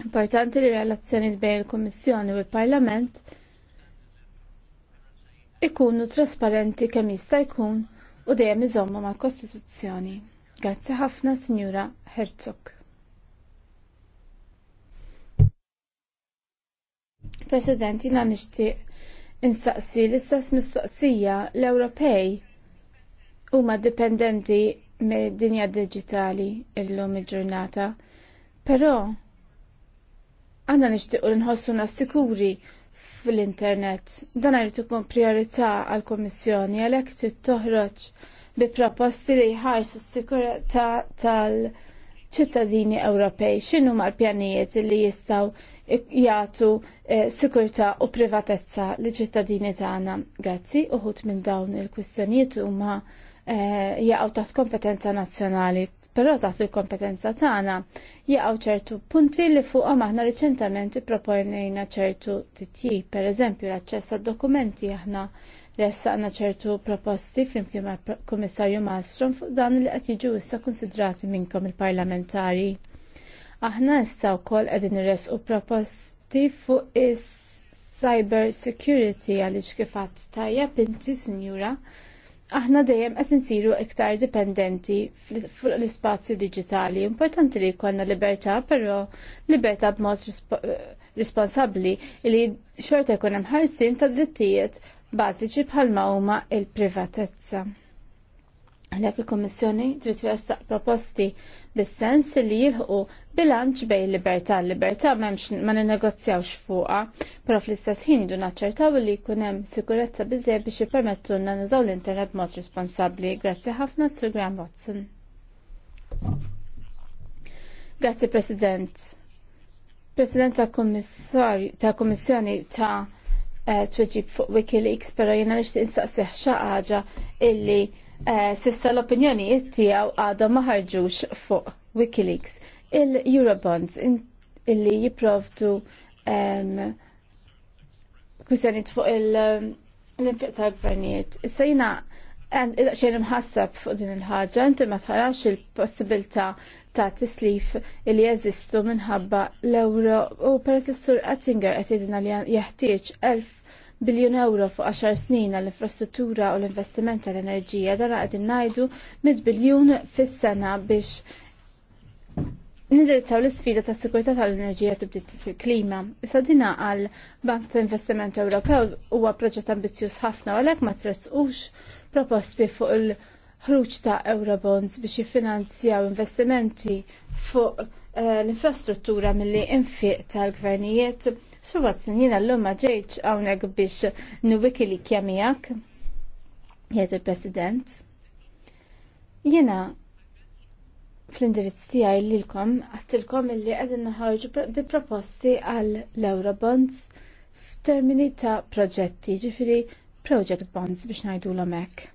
Importanti li relazzjoni bejn il-Kummissjoni u l-Parlament ikunu trasparenti kemm jista' jkun u dejjem iżommu mal-Kostituzzjoni. Grazzi ħafna, Sinjura Herzog. President, jina nixtieq instaqsi l-istess mistoqsija l-Ewropej huma dipendenti me dinja digitali illum il-ġurnata, però għanna l nħossu sikuri fl-internet. Dan għajrit ikun priorita għal-Komissjoni għalhekk trid toħroġ bi proposti li jħarsu s-sikurezza tal-ċittadini Ewropej. X'inhu mal-pjanijiet li jistgħu jagħtu eh, sikurtà u privatezza li ċittadini tagħna. Grazzi uħud minn dawn il-kwistjonijiet huma eh, jaqgħu taħt kompetenza nazzjonali però taħt il-kompetenza tagħna jaqgħu ċertu punti li fuqhom aħna riċentament ipproponejna ċertu per pereżempju l-aċċess għad-dokumenti aħna ressaqna ċertu proposti flimkien ma' Kummissarju Malmström fuq dan li qed jiġu issa konsidrati minnkom il-parlamentari. Aħna issa wkoll qegħdin irresqu proposti fuq is cyber security għaliex kif għadd tajjeb inti sinjura aħna dejjem qed insiru iktar dipendenti fuq l-ispazju digitali. Importanti li jkollna libertà, però libertà b'mod responsabbli li xorta jkun hemm ħarsien ta' drittijiet bażiċi bħalma huma il-privatezza. Għalhekk il-Kummissjoni trid tressaq proposti bis-sens li jilħu bilanċ bejn libertà libertà m'hemmx ma ninnegozjawx fuqha, però fl-istess ħin idu naċċertaw li jkun hemm sikurezza biżejjed biex jippermettulna nużaw l-internet b'mod responsabbli. Grazzi ħafna Sir Graham Watson. Grazzi President. President ta' Kummissjoni ta' eh, tweġib fuq Wikileaks, però jiena nixtieq instaqsih xi ħaġa illi Eh, sissa l-opinjonijiet tiegħu għadhom ma ħarġux fuq Wikileaks. Il-Eurobonds illi jipprovdu kwistjonijiet fuq l-infiq tal-gvernijiet. Is-sejna jina xejn imħassab fuq din il-ħaġa, inti ma tħarax il-possibilità ta' tislif li jeżistu minħabba l-euro u per is-sur Attinger qed li jeħtieġ elf biljun euro fuq 10 snin għall-infrastruttura u l-investiment tal-enerġija dan qegħdin ngħidu mid biljun fis-sena biex nindirizzaw l-isfida ta' sikurità tal-enerġija tibdil fil-klima. Issa dina għal Bank ta' Investiment Ewropew huwa proġett ambizzjuż ħafna u għalhekk ma tressqux proposti fuq il-ħruġ ta' Eurobonds biex jiffinanzjaw investimenti fuq eh, l-infrastruttura mill-li infiq tal-gvernijiet Sur Watson, jina l-lum ġejċ għawnek biex nubiki li kjamijak, jgħet il-President. Jina fl-indirizz tijaj lilkom, għattilkom il-li għedin naħarġu bi proposti għal l-Eurobonds f'termini ta' proġetti, ġifiri project bonds biex najdu l-omek.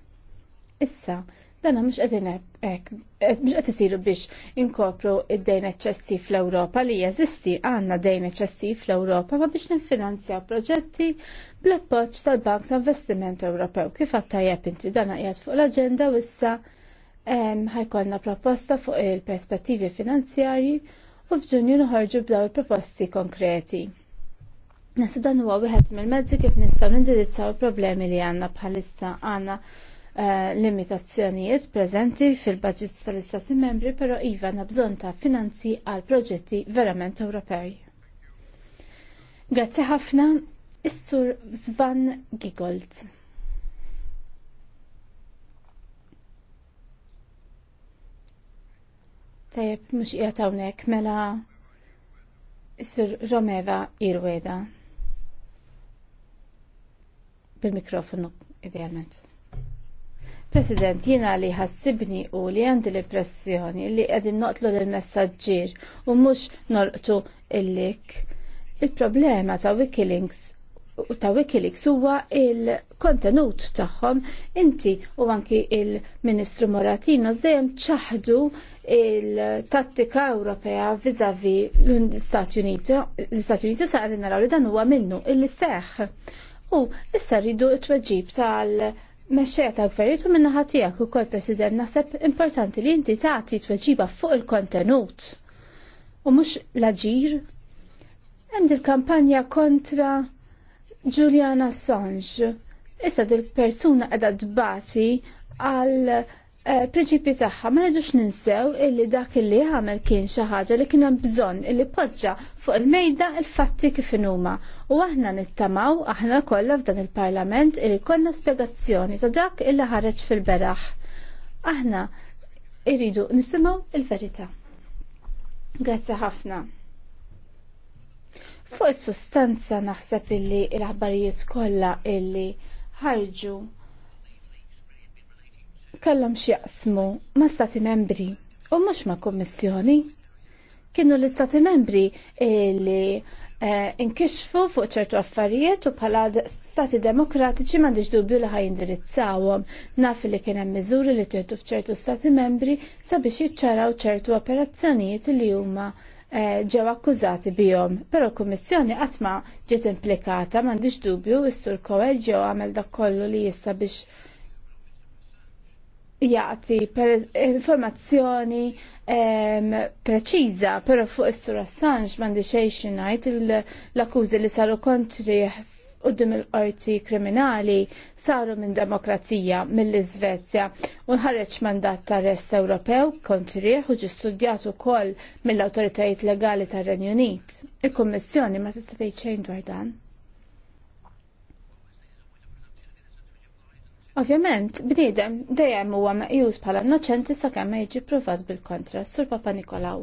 Issa, Dana mux għedin ek, mux għed isiru biex inkopru id-dejn eċċessi fl-Europa li jazisti għanna dejn eċċessi fl-Europa ma biex nifinanzja proġetti bl-appoċ tal-Bank ta' Investiment Ewropew. Kif tajjeb inti dana qiegħed fuq l-agenda u issa ħajkolna proposta fuq il-perspettivi finanzjarji u f'ġunju nħarġu b'daw il-proposti konkreti. Nasa dan huwa wieħed mill-mezzi kif nistgħu nindirizzaw il-problemi li għandna bħalissa għandna Eh, limitazzjonijiet preżenti fil-budgets tal-Istati membri, però iva nabżon ta' finanzi għal proġetti verament Ewropej. Grazzi ħafna, Is-Sur Zvan Gigold. Tajab, mux jgħatawnek, mela Is-Sur Romeva Irweda. Bil-mikrofonu, idealment. President, jina li ħassibni u li għandi l-impressjoni li għedin noqtlu l-messagġir u mux nolqtu illik. Il-problema ta' Wikilinks ta' Wikileaks huwa il-kontenut tagħhom inti u anki il-Ministru Moratino dejjem ċaħdu il-tattika Ewropea vizavi l-Istati Uniti. L-Istati Uniti saqgħu naraw li dan huwa minnu il-seħħ. U issa rridu t tweġib tal- Meċċeja ta' gveritu minna ħatijak u kol president naħseb importanti li inti tagħti tweġiba fuq il-kontenut u mhux l-aġir. Hemm il-kampanja kontra Julian Assange. Issa dil-persuna qiegħda dbati għal Eh, Principi tagħha ma rridux ninsew illi dak illi għamel kien xi ħaġa li kien hemm bżonn illi poġġa fuq il-mejda il-fatti kif huma. U aħna nittamaw aħna kollha f'dan il-Parlament illi konna spjegazzjoni ta' dak illi ħareġ fil-beraħ. Aħna irridu nisimgħu il-verità. Grazzi ħafna. Fuq is-sustanza naħseb illi l-aħbarijiet kollha illi ħarġu kellhom jaqsmu ma' stati membri u mhux ma' kummissjoni. Kienu l-istati membri li eh, inkixfu fuq ċertu affarijiet u bħala stati demokratiċi m'għandix dubju li ħajindirizzawhom. Naf li kien hemm miżuri li tirtu f'ċertu stati membri sabiex jiċċaraw ċertu operazzjonijiet li huma eh, ġew akkużati bihom, però l-Kummissjoni qatt ma ġiet implikata m'għandix dubju s-Sur Kowel ġew għamel dak kollu li jista' biex jagħti informazzjoni preċiża, però fuq is-sur Assange m'għandi xejn xi ngħid l-akkużi li saru kontri qudiem il-qorti kriminali saru minn demokrazija mill-Iżvezja u nħarreġ mandat ta' arrest Ewropew kontri u ġistudjat ukoll mill-awtoritajiet legali tar-Renju Unit. Il-Kummissjoni ma tista' tgħid xejn dwar dan. Ovvjament, bniedem dejjem huwa meqjus bħala innoċenti sakemm ma jiġi pruvat bil-kontra sur Papa Nikolaw.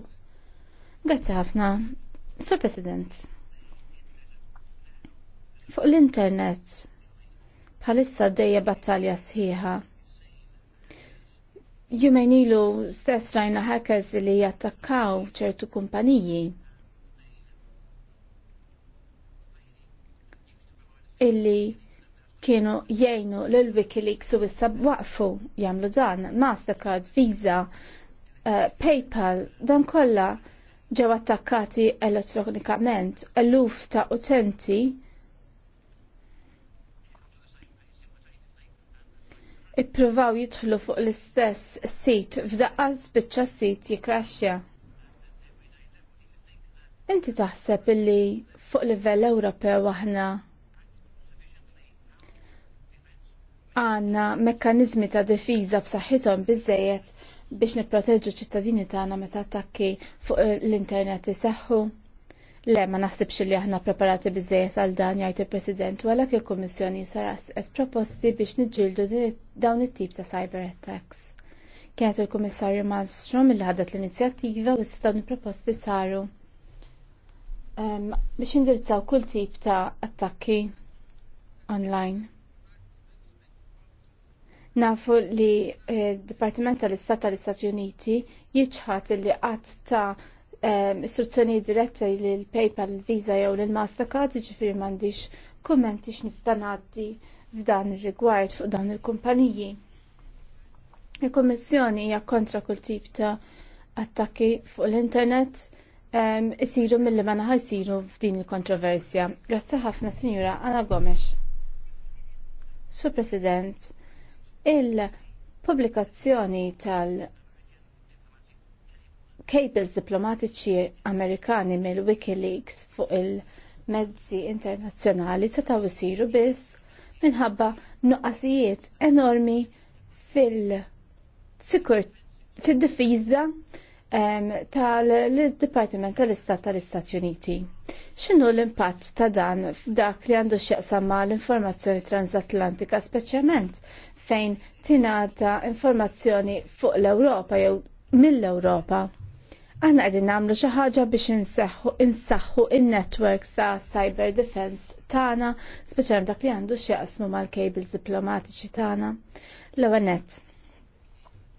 Grazzi ħafna, Sur President. Fuq l-internet bħalissa dejja battalja sħiħa Jumejn ilu stess rajna hackers li jattakkaw ċertu kumpaniji. Illi kienu jgħinu l Wikileaks u issa waqfu jagħmlu dan Mastercard, Visa, uh, PayPal, dan kollha ġew attakkati elettronikament, eluf ta' utenti ippruvaw jidħlu fuq l-istess sit f'daqqa spiċċa sit jikraxxja. Inti taħseb illi fuq livell Ewropew aħna għanna mekkanizmi ta' difiża b'saħħithom biżejjed biex nipproteġġu ċittadini tagħna meta attakki fuq l-internet iseħħu. Le, ma naħsibx li aħna preparati biżejjed għal dan jgħid il-President u għalhekk il-Kummissjoni sara qed proposti biex niġġieldu dawn it-tip ta' cyber attacks. Kienet il-Kummissarju Malmström li ħadet l-inizjattiva u issa dawn il-proposti saru ehm, biex indirizzaw kull tip ta' attakki online. Nafu li eh, Dipartiment tal-Istat tal-Istati Uniti jiċħat li qatt ta' eh, istruzzjoni li l PayPal, Visa jew l Mastercard ġifieri m'għandix kummenti x'nista' ngħaddi f'dan ir-rigward fuq dawn il-kumpaniji. Il-Kummissjoni hija kontra kull tip ta' attakki fuq l-internet eh, isiru mill-li ma naħa jisiru f'din il-kontroversja. Grazzi ħafna, Signora Anna Gomes. Sur President, Il-publikazzjoni tal- cables diplomatiċi Amerikani mill Wikileaks fuq il-mezzi internazzjonali setaw isiru biss minħabba nuqqasijiet enormi fil-sikur fil-difiża tal-Dipartiment tal-Istat tal-Istati Uniti. X'inhu l-impatt ta' dan f'dak li għandu xieqsam ma' l-informazzjoni transatlantika speċjalment fejn tingħata informazzjoni fuq l-Ewropa jew mill-Ewropa. Aħna qegħdin nagħmlu xi ħaġa biex insaħħu in-networks ta' cyber defense tagħna, speċjalment dak li għandu x'jaqsmu mal-cables diplomatiċi tagħna. L-ewwel nett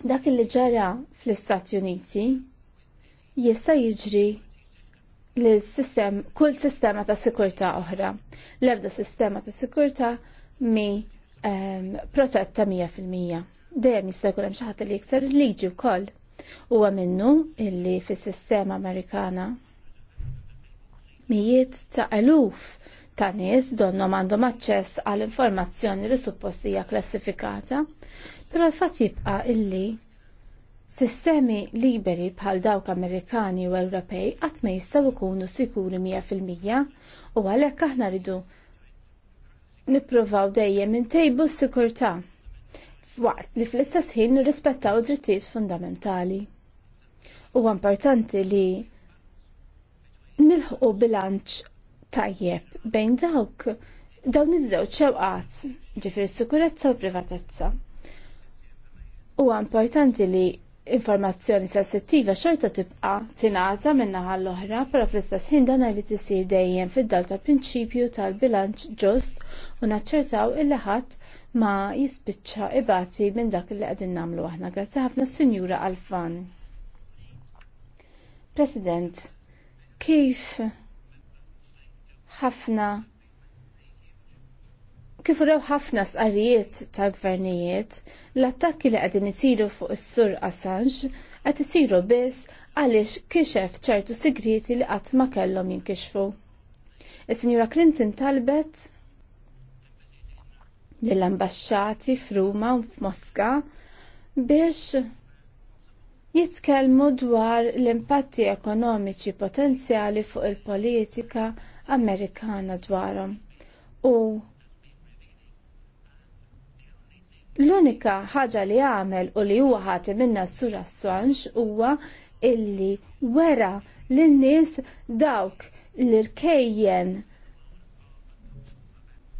dak li ġara fl-Istati Uniti jista' jiġri li sistem kull sistema ta' sikurta oħra. L-ebda sistema ta' sikurta mi um, protetta 100%. Dejjem jista' jkun hemm xi ħadd li jikser liġi wkoll. Huwa minnu illi fis-sistema Amerikana mijiet ta' eluf ta' nies donnom għandhom aċċess għall informazzjoni li supposti hija klassifikata Però l-fatt jibqa' illi Sistemi liberi bħal dawk Amerikani u Ewropej qatt ma jistgħu jkunu sikuri 100% u għalhekk aħna ridu nippruvaw dejjem intejbu s-sikurtà waqt li fl-istess ħin nirrispettaw drittijiet fundamentali. Huwa importanti li nilħqu bilanċ tajjeb bejn dawk dawn iż-żewġ xewqat ġifir sikurezza u privatezza. Huwa importanti li informazzjoni sensittiva xorta tibqa tingħata min-naħa l-oħra, però fl-istess ħin dan li tisir dejjem fid-dawl tal-prinċipju tal-bilanċ ġust u naċċertaw illi ħadd ma jispiċċa ibati minn dak li qegħdin nagħmlu aħna. Grazzi ħafna Sinjura Alfan. President, kif ħafna Kif rew ħafna sqarrijiet ta' gvernijiet, l-attakki li qegħdin isiru fuq is-sur Assange qed isiru biss għaliex kixef ċertu sigriti li qatt ma kellhom jinkixfu. Is-Sinjura Clinton talbet lill-ambasċati f'Ruma u f'Moska biex jitkellmu dwar l-impatti ekonomiċi potenzjali fuq il-politika Amerikana dwarhom u L-unika ħaġa li għamel u li huwa ħati minna s-sur Assange huwa illi wera l-nies dawk l-irkejjen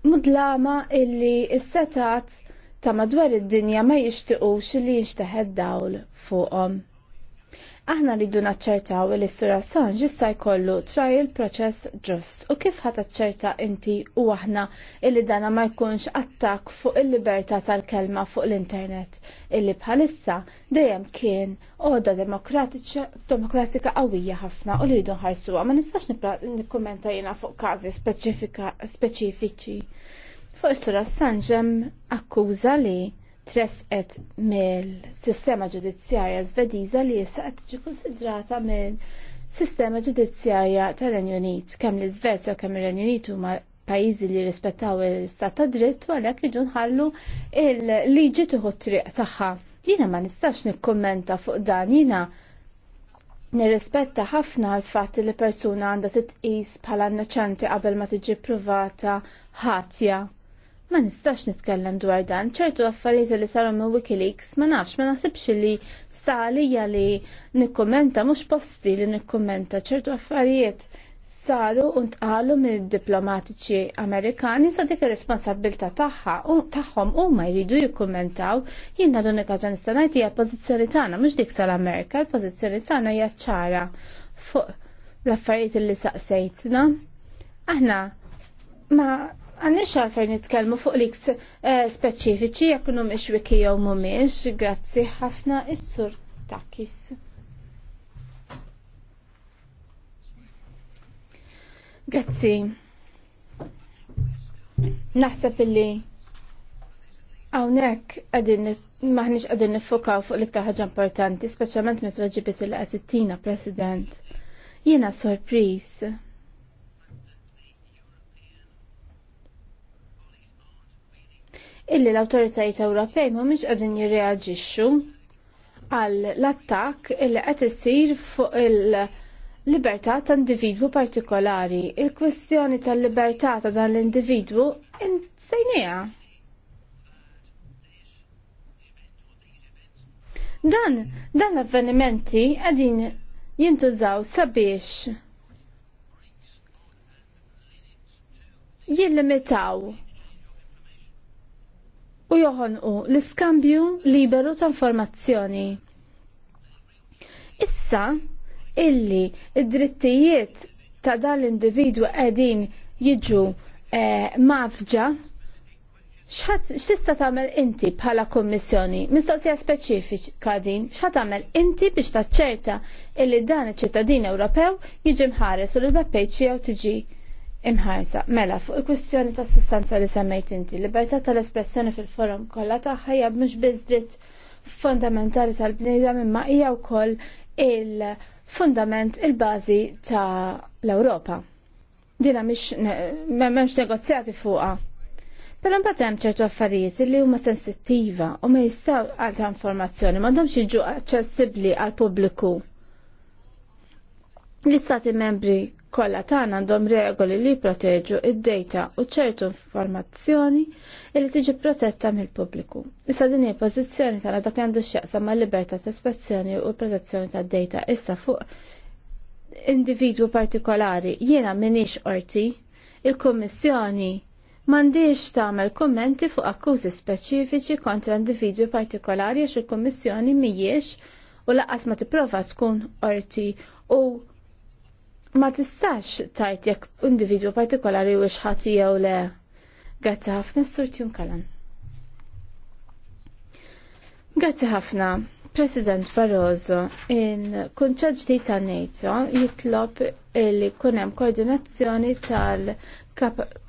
mudlama illi s-setat ta' madwar id-dinja ma jishtiqux li jishtaħed dawl fuqhom. Aħna rridu naċċertaw li s-sur Assange jista' jkollu trial proċess ġust u kif ħat ċerta inti u aħna illi dana ma jkunx attak fuq il-libertà tal-kelma fuq l-internet illi bħalissa dejjem kien għoda demokratika qawwija ħafna u li rridu nħarsuha ma nistax nikkumenta jiena fuq każi speċifiċi. Fuq is-sur Assange akkuża li tresqet mill-sistema ġudizzjarja Svediża li issa qed tiġi konsidrata mill-sistema ġudizzjarja tal-Renju Unit. Kemm l-Iżvezja u kemm ir-Renju Unit huma pajjiżi li rispettaw il-stat ta' dritt u għalhekk jiġu nħallu il-liġi tieħu triq tagħha. Jiena ma nistax nikkummenta fuq dan jiena nirrispetta ħafna l-fatt li persuna għandha titqis bħala innoċenti qabel ma tiġi pruvata ħatja Ma nistax nitkellem dwar dan, ċertu affarijiet li saru minn Wikileaks, ma nafx, ma nasibx li stalija li nikkommenta, mhux posti li nikkommenta, ċertu affarijiet saru u tqalu minn diplomatiċi Amerikani sa dik ir-responsabilità tagħha u tagħhom huma jridu jikkummentaw jiena l-unika ġan nista' ngħid hija pożizzjoni tagħna mhux dik tal-Amerika, l-pożizzjoni tagħna hija ċara fuq l-affarijiet li saqsejtna. Aħna ma Għanni xarfer nitkelmu fuq liks eh, speċifiċi jekunu miex wiki jew mumiex, grazzi ħafna is-sur takis. Grazzi. Naħseb illi Għawnek, m'aħniex għadin nifokaw fuq liktar ħagġa importanti, specialment mitweġibit il-għazittina, President. Jena sorpris illi l-autoritajiet Ewropej mhumiex qegħdin jirreaġixxu għal l-attakk illi qed isir fuq il-libertà ta' individwu partikolari. Il-kwestjoni tal-libertà ta' dan l-individwu insejnija. Dan, dan l-avvenimenti qegħdin jintużaw sabiex jillimitaw u joħonqu l-iskambju liberu ta' informazzjoni. Issa, illi id-drittijiet ta' dan l għedin qegħdin jiġu eh, mafġa, x'tista' tagħmel inti bħala kommissjoni? Mistoqsija speċifika din, x'ħat tagħmel inti biex taċċerta illi dan iċ-ċittadin Ewropew jiġi mħares u l-web page tiġi imħarsa. Mela, fuq il-kwistjoni ta' sustanza li semmejt inti, libertà tal-espressjoni fil-forum kollha tagħha hija mhux biss dritt fondamentali tal-bniedem imma hija wkoll il-fundament il-bażi ta' l-Ewropa. Dina mhix m'hemmx negozjati fuqha. Però mbagħad hemm ċertu affarijiet li huma sensittiva u ma jistgħu għal ta' informazzjoni m'għandhomx jiġu aċċessibbli għal pubbliku. L-istati membri Kolla tagħna għandhom regoli li jproteġu id-data u ċertu informazzjoni li tiġi protetta mill-pubbliku. Issa din hija pożizzjoni tagħna dak li għandu x'jaqsam mal-libertà ta' espressjoni u protezzjoni tad-data issa fuq individwu partikolari jiena m'iniex qorti, il-Kummissjoni m'għandix tagħmel kummenti fuq akkużi speċifiċi kontra individwi partikolari għax il-Kummissjoni mhijiex u laqqas ma tipprova tkun qorti u ma tistax tajt jekk individwu partikolari u xħati jew le. Grazzi ħafna s-surtjun kalan. Grazzi ħafna. President Barroso, in kunċaġ di ta' NATO jitlob li kunem koordinazzjoni tal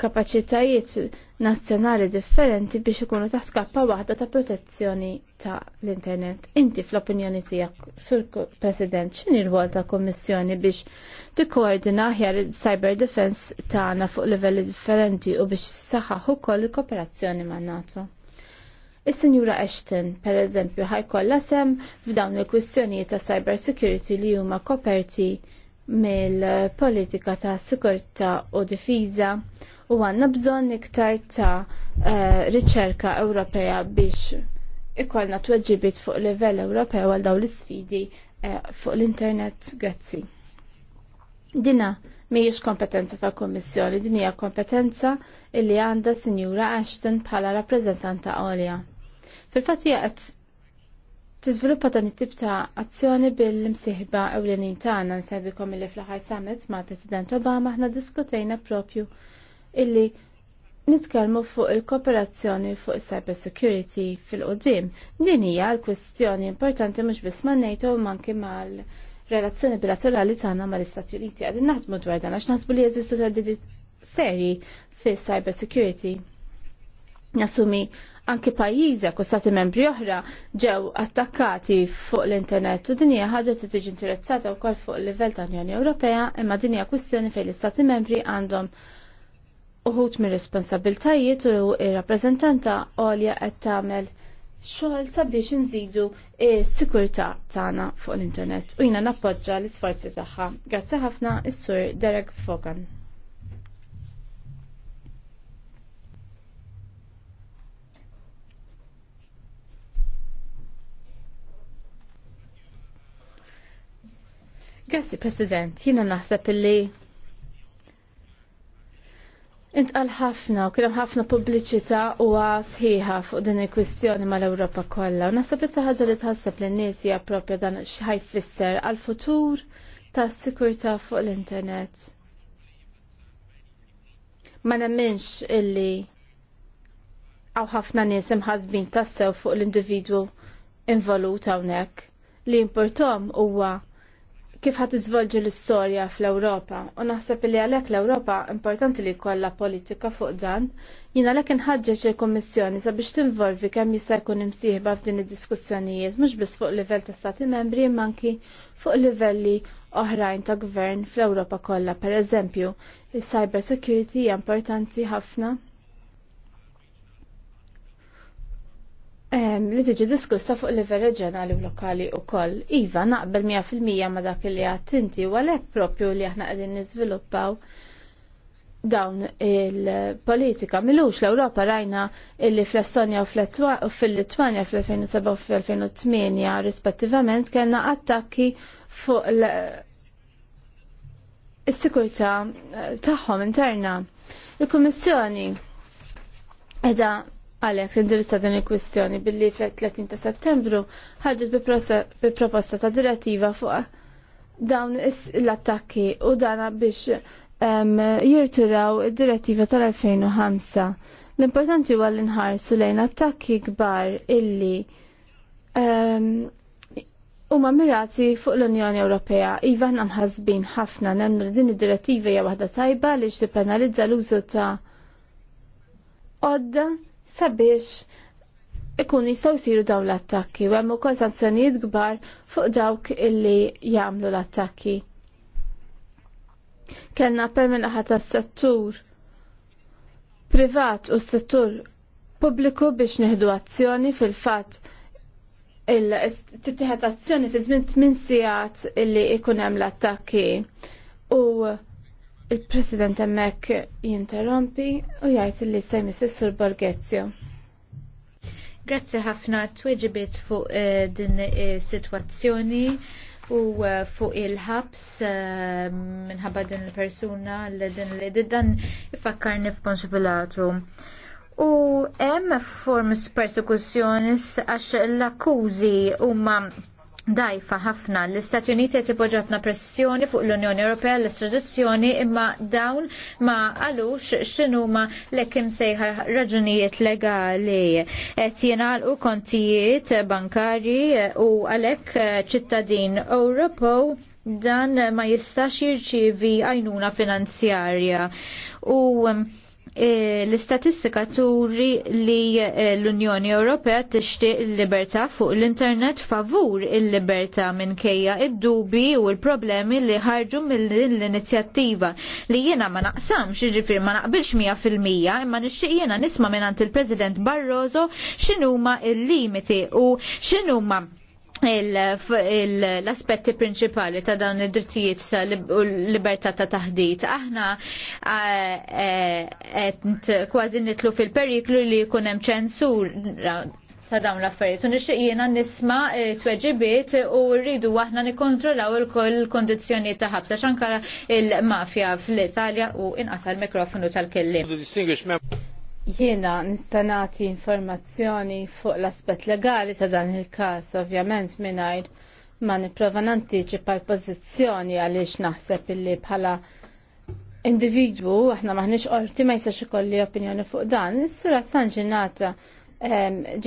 kapaċitajiet nazzjonali differenti biex ikunu ta' skappa waħda ta' protezzjoni ta' l-internet. Inti fl-opinjoni tiegħek, Sur President, x'inhi l-wol ta' Kummissjoni biex tikkoordina aħjar il-cyber defense tagħna fuq livelli differenti u biex saħħaħ ukoll il-kooperazzjoni ma' NATO. Is-Sinjura Ashton, per eżempju, ħajkollha sem f'dawn il-kwistjonijiet ta' cyber security li huma koperti mill-politika ta' sikurta u difiża u għanna bżonn iktar ta' eh, riċerka Ewropea biex ikollna tweġibit fuq livell Ewropew għal dawn l-isfidi eh, fuq l-internet. Grazzi. Dina mhijiex kompetenza tal-Kummissjoni, din hija kompetenza illi għandha Sinjura Ashton bħala rappreżentanta għolja. Fil-fatt hija qed tiżviluppa dan it-tip ta' azzjoni bil-imsieħba ewlenin tagħna nsejvikom li fl-aħħar summit ma' President Obama aħna diskutejna propju illi nitkellmu fuq il-kooperazzjoni fuq cyber security fil-qudiem. Din hija l-kwestjoni importanti mhux biss ma' NATO manki mal relazzjoni bilaterali tagħna mal-Istati Uniti. Għadin naħdmu dwar dan għax naħsbu li jeżistu teddidiet seri fis cyber security. Nasumi anki pajjiżek u stati membri oħra ġew attakkati fuq l-internet u din hija ħaġa li tiġi interessata wkoll fuq il-livell ta' Unjoni Ewropea imma din hija kwistjoni fejn l-istati membri għandhom uħut mir responsabiltajiet u r-rappreżentanta għolja qed tagħmel xogħol sabiex inżidu s-sikurtà tagħna fuq l-internet u jiena nappoġġa l-isforzi tagħha. Grazzi ħafna is-sur Derek Fogan. Grazzi President, jina naħseb illi Intqal ħafna u kienem ħafna pubbliċità u sħiħa fuq din il-kwistjoni mal-Ewropa kollha u naħseb li ħaġa li tħasseb lin nies hija proprja dan xi ħajfisser għall futur tas-sikurtà fuq l-internet. Ma nemminx illi għaw ħafna nies imħasbin tassew fuq l-individwu involut hawnhekk li importom huwa kif ħat iżvolġi l-istorja fl-Ewropa u naħseb li għalhekk l-Ewropa importanti li jkollha politika fuq dan, jiena għalek nħadġeċ il-Kummissjoni sabiex tinvolvi kemm jista' jkun imsieħba f'din id-diskussjonijiet mhux biss fuq livell ta' Stati Membri manki fuq livelli oħrajn ta' gvern fl-Ewropa kollha. Pereżempju, il cyber security hija importanti ħafna li tiġi diskussa fuq livell reġjonali u lokali wkoll. Iva, naqbel 100% ma dak li għattinti u għalhekk propju li aħna qegħdin niżviluppaw dawn il-politika. Milux l-Ewropa rajna illi fl-Estonja u fil-Litwanja fl-2007 u fl-2008 rispettivament kellna attakki fuq l-sikurta tagħhom interna. Il-Kummissjoni edha Għalek, indirizza din il-kwistjoni billi fl-30 ta' settembru ħarġet bi proposta ta' direttiva fuq dawn l-attakki u dana biex jirtiraw id-direttiva tal-2005. L-importanti huwa li nħarsu lejn attakki kbar illi huma mirati fuq l-Unjoni Ewropea. Iva ħna mħazbin ħafna nemmu din id-direttiva hija waħda tajba li x-tipenalizza l-użu ta' odda sabiex ikun jistgħu jsiru dawn l-attakki u hemm ukoll sanzjonijiet kbar fuq dawk illi jagħmlu l-attakki. Kellna appell minn aħat tas-settur privat u s-settur pubbliku biex neħdu azzjoni fil-fatt il azzjoni fi żmien tmien sigħat illi ikun hemm l-attakki u Il-President emmek jinterrompi u jgħid li sejmi Sur Borgezio. Grazzi ħafna tweġibiet fuq eh, din is-sitwazzjoni u eh, fuq il-ħabs eh, minħabba din il-persuna li din li dan ifakkarni f'konsubilatu. U hemm forms persekuzzjonis għax l-akkużi huma dajfa ħafna. L-Istati Uniti qed ipoġġa ħafna pressjoni fuq l-Unjoni Ewropea l istraduzzjoni imma dawn ma għalux x'inhuma l-ekim sejħa raġunijiet legali. Qed jingħalqu kontijiet bankarji u għalhekk ċittadin Ewropew dan ma jistax jirċievi għajnuna finanzjarja. U Eh, l-istatistika turi li eh, l-Unjoni Ewropea tixtieq il-libertà fuq l-internet favur il-libertà minkejja id-dubi u l-problemi li ħarġu mill-inizjattiva li jiena ma naqsamx jiġifier ma naqbilx 100% imma nixtieq jiena nisma' mingħand il-President Barroso x'inhuma il-limiti u x'inhuma l-aspetti prinċipali ta' dawn id-drittijiet sa' libertà ta' taħdit. Aħna qed e, kważi nitlu fil-periklu li jkun hemm ċensura ta' dawn l-affarijiet. U nixtieq jiena nisma e, tweġibiet u rridu aħna nikkontrollaw il-koll kondizjoni ta' ħabsa ċankara il-mafja fl-Italja u il mikrofonu tal kelli Jiena nistanati informazzjoni fuq l-aspet legali ta' dan il-kas, ovvjament minajr ma niprofa nantiċi l-pozizjoni għaliex naħseb illi bħala individwu, aħna maħniex qorti ma jisaxi ikolli opinjoni fuq dan. Is-sura sanġinata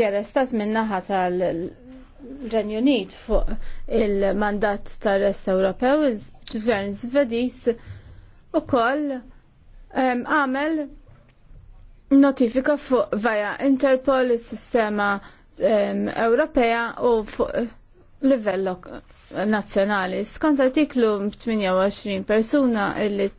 ġerestat minnaħa tal-Renju Unit fuq il-mandat tal-Rest Ewropew, il-Gvern Zvedis, u koll għamel um, notifika fuq via Interpol is-sistema Ewropea u fuq livell nazzjonali. Skont artiklu 28 persuna illi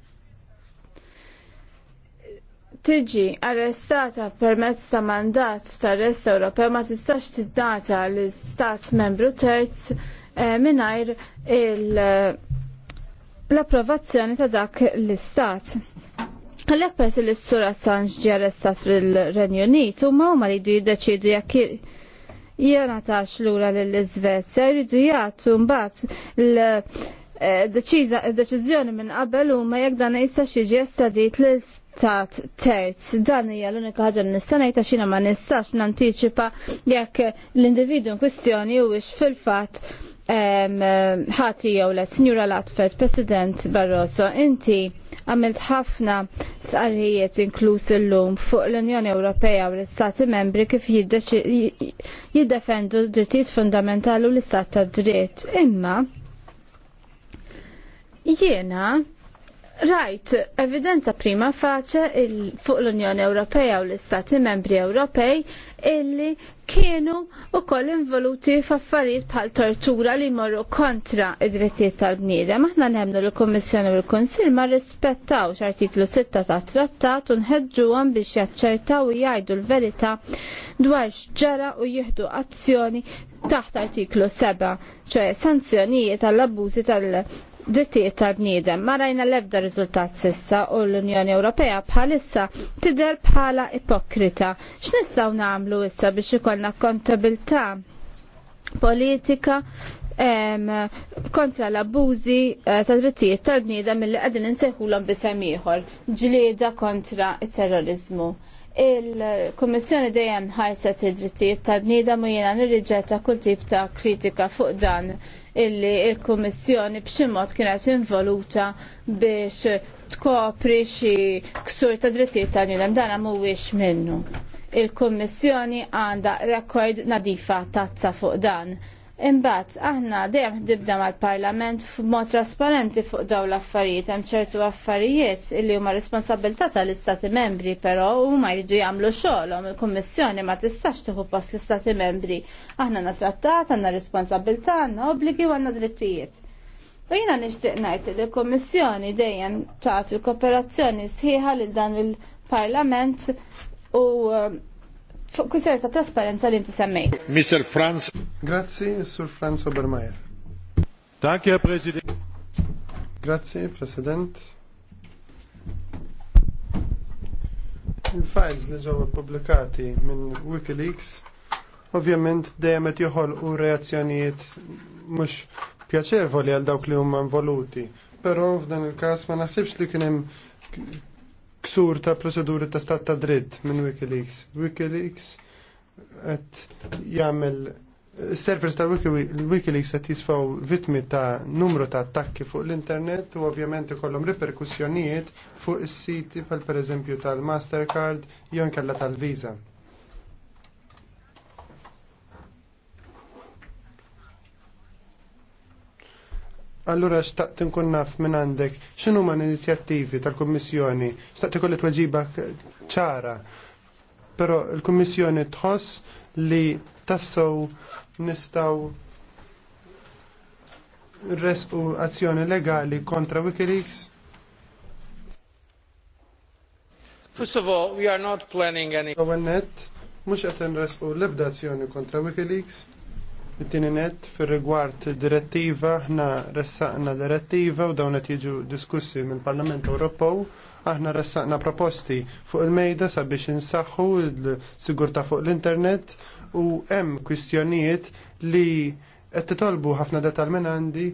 tiġi arrestata permezz ta' mandat ta' arrest Ewropew ma tistax tiddata l istat membru terz eh, mingħajr l-approvazzjoni ta' dak l-istat. Għallek pers li s sura Assange ġi arrestat fil-Renju Unit, u ma huma li jdu jiddeċidu jekk jena l lura l-Svezja, jridu jgħatu mbagħad l eh, deċizjoni minn qabel u ma jekk dan jista' xieġi estadit l-istat terz. Dan hija l-unika ħaġa li nista' ngħid ma nistax nantiċipa jekk l-individu in kwistjoni huwiex fil-fatt Eh, ħati jew le Sinjura Latfed, President Barroso, inti għamilt ħafna sqarrijiet inkluż illum fuq l-Unjoni Ewropea u l-Istati membri kif jiddefendu d-drittijiet fundamentali u l-Istat ta' dritt. Imma jiena rajt evidenza prima faċa fuq l-Unjoni Ewropea u l-Istati membri Ewropej illi kienu wkoll involuti f'affarijiet bħal tortura li jmorru kontra id-drittijiet tal-bniedem. Aħna nemmnu l kummissjoni u l-Kunsill ma rispettawx artiklu 6 ta' trattat u nħeġġuhom biex jaċċertaw u jgħidu l-verità dwar x'ġara u jieħdu azzjoni taħt artiklu 7, ċoħe sanzjonijiet tal-abbużi tal-drittijiet drittijiet tal-bniedem. Ma rajna l-ebda riżultat sissa u l-Unjoni Ewropea bħalissa tidher bħala ipokrita. X'nistgħu nagħmlu issa biex ikollna kontabilità politika em, kontra l-abbużi eh, ta' drittijiet tal-bniedem milli qegħdin insejħulhom bisem ieħor, ġlieda kontra t terrorizmu Il-Kommissjoni dejjem ħarset id-drittijiet tal-bniedem u jiena nirriġetta kull tip ta' kritika fuq dan illi il-Kommissjoni b'xi mod kienet involuta biex tkopri xi ksur ta' drittijiet tal-bniedem dan mhuwiex minnu. Il-Kommissjoni għandha rekord nadifa tazza fuq dan Imbagħad aħna dejjem ħdibda mal-Parlament f'mod trasparenti fuq dawn l-affarijiet hemm ċertu affarijiet illi huma responsabilità tal-Istati Membri, però huma jiġu jagħmlu xogħolhom il-Kummissjoni ma tistax tieħu post l-Istati Membri. Aħna għandna trattat, għandna responsabilità, għandna obbligi u għandna drittijiet. U jiena nixtieq ngħid li l-Kummissjoni dejjem tagħti l-kooperazzjoni sħiħa lil dan il-Parlament u fuq ta' trasparenza li inti semmej. Mr. Franz. Grazzi, Sur Franz Obermeier. Danke, Herr President. Grazzi, President. Il-files li ġewwa pubblikati minn Wikileaks ovvjament dejjem qed joħolqu reazzjonijiet mhux pjaċevoli għal dawk li huma involuti, però f'dan il-każ ma naħsibx li kien hemm ksur ta' proceduri ta' stat ta' dritt minn Wikileaks. Wikileaks qed jagħmel servers ta' Wikileaks qed jisfaw vittmi ta' numru ta' attakki fuq l-internet u ovvjament ikollhom riperkussjonijiet fuq is-siti per pereżempju tal-Mastercard jew nkella tal-Visa. Allura xtaqt nkun naf minn għandek x'inhu ma l-inizjattivi tal-Kummissjoni, xtaqt ikolli tweġiba ċara, però l-Kummissjoni tħoss li tassew nistgħu resqu azzjoni legali kontra Wikileaks? First of all, we are not planning any... Għawennet, mux nresqu resqu l-ebda azzjoni kontra Wikileaks, It-tieni Tininet fir rigward direttiva ħna ressaqna direttiva u dawn qed jiġu diskussi mill-Parlament Ewropew aħna ressaqna proposti fuq il-mejda sabiex insaħħu l-sigurtà fuq l-internet u hemm kwistjonijiet li qed titolbu ħafna detal minn għandi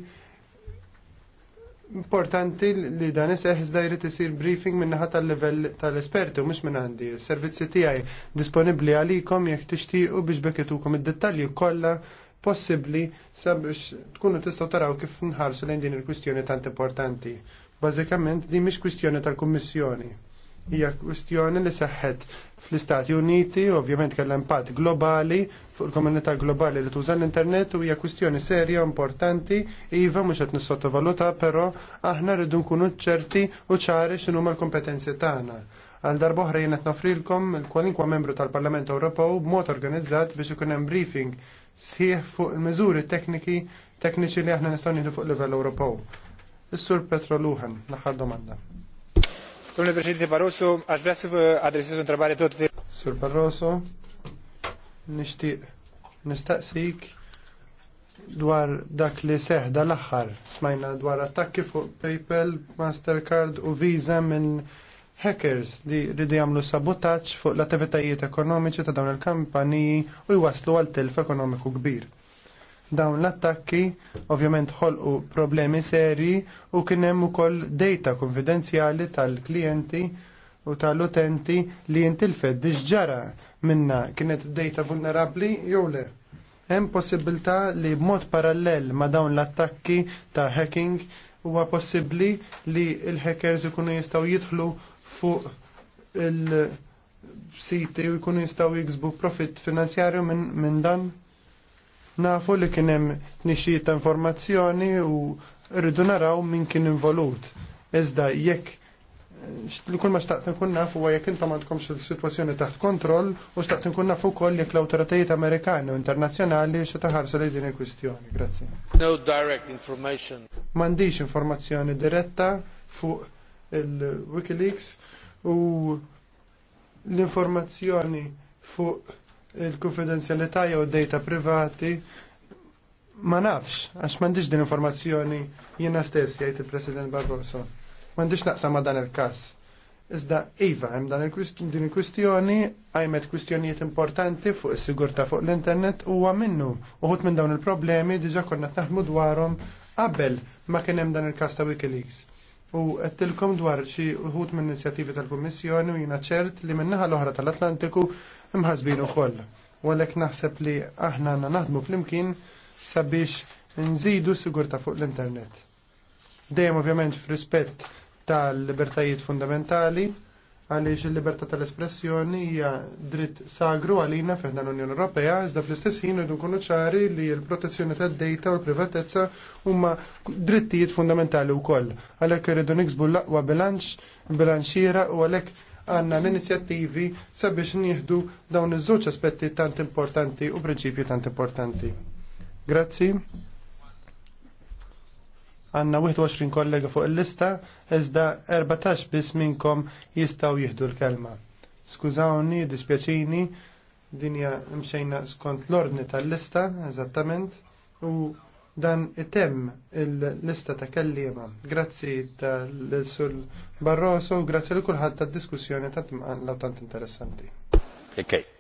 importanti li dan iseħ iżda jrid isir briefing minn naħa tal-livell tal-esperti u mhux minn għandi. Is-servizzi tiegħi disponibbli għalikom jekk tixtiequ biex bekk id-dettalji kollha possibbli sabiex tkunu tistgħu taraw kif nħarsu lejn din il-kwistjoni tant importanti. Bażikament din mhix kwistjoni tal-Kummissjoni. Hija kwistjoni li seħħet fl-Istati Uniti, ovvjament kellha impatt globali fuq il-komunità globali li tuża l-internet u hija kwistjoni serja importanti iva mhux qed nissottovaluta, però aħna rridu nkunu ċerti u ċari x'inhuma l-kompetenzi tagħna għal darba oħra jenet nofrilkom il-kwalinkwa membru tal-Parlament Ewropew b'mod organizzat biex ikun hemm briefing sħiħ fuq il mezuri tekniki tekniċi li aħna nistgħu nieħdu fuq livell Ewropew. Is-Sur Petro Luhan, l-aħħar domanda. Domnul președinte Barroso, għax vrea să vă adresez o întrebare tot de... Sur Barroso, nishtiq nistaqsik dwar dak li seħ dal-aħħar. Smajna dwar attakki fuq PayPal, Mastercard u Visa minn hackers li ridu jagħmlu sabotaġġ fuq l-attivitajiet ekonomiċi ta' dawn il-kampaniji u jwaslu għal telf ekonomiku kbir. Dawn l-attakki ovvjament ħolqu problemi serji u kien hemm ukoll data konfidenzjali tal-klijenti u tal-utenti li jintilfed ġara minna kienet data vulnerabbli jew le. Hemm possibilità li b'mod parallel ma' dawn l-attakki ta' hacking huwa possibbli li l-hackers ikunu jistgħu jidħlu fuq il-siti u jkunu jistaw jiksbu profit finanzjarju minn min dan. Nafu li kien hemm ta' informazzjoni u rridu naraw min kien involut. Iżda jekk kull ma xtaqt nkun naf huwa jekk intom għandkomx il-sitwazzjoni taħt kontroll u xtaqt nkun naf ukoll jekk l-awtoritajiet Amerikani u internazzjonali xi taħarsu lejn din il-kwistjoni. Grazzi. No direct information. M'għandix informazzjoni diretta fuq il-Wikileaks u l-informazzjoni fuq il-konfidenzjalità jew data privati ma nafx, għax m'għandix din informazzjoni jiena stess jgħid il-President Barroso. M'għandix naqsam ma dan il-każ. Iżda iva, hemm dan din il-kwistjoni għajmet kwistjonijiet importanti fuq is-sigurtà fuq l-internet huwa minnu. Uħut minn dawn il-problemi diġà konna naħdmu dwarhom qabel ma kien hemm dan il-każ ta' Wikileaks u għettilkom dwar xi uħut minn inizjativi tal-Kummissjoni u jina ċert li minnaħa l-oħra tal-Atlantiku imħazbin ukoll. U għalek naħseb li aħna għanna naħdmu fl-imkien sabiex nżidu sigurta fuq l-internet. Dejjem ovvjament f'rispett tal-libertajiet fundamentali, għaliex il-libertà tal-espressjoni hija dritt sagru għalina fiħna l-Unjoni Ewropea, iżda fl-istess ħin irdu nkunu ċari li l-protezzjoni tad-dejta u l-privatezza huma drittijiet fundamentali wkoll. Għalhekk irridu niksbu l-aqwa bilanċ bilanċiera u għalhekk għanna l-inizjattivi sabiex nieħdu dawn iż-żewġ aspetti tant importanti u prinċipji tant importanti. Grazzi. Għanna 21 kollega fuq il-lista, iżda 14 bis minnkom jistaw jihdu l-kelma. Skużawni, dispjaċini, dinja mxejna skont l-ordni tal-lista, eżattament, u dan item il-lista ta' kellima. Grazzi tal-Sur Barroso, grazzi l-kulħadd tad-diskussjoni ta' timqan law tant interessanti. Okay.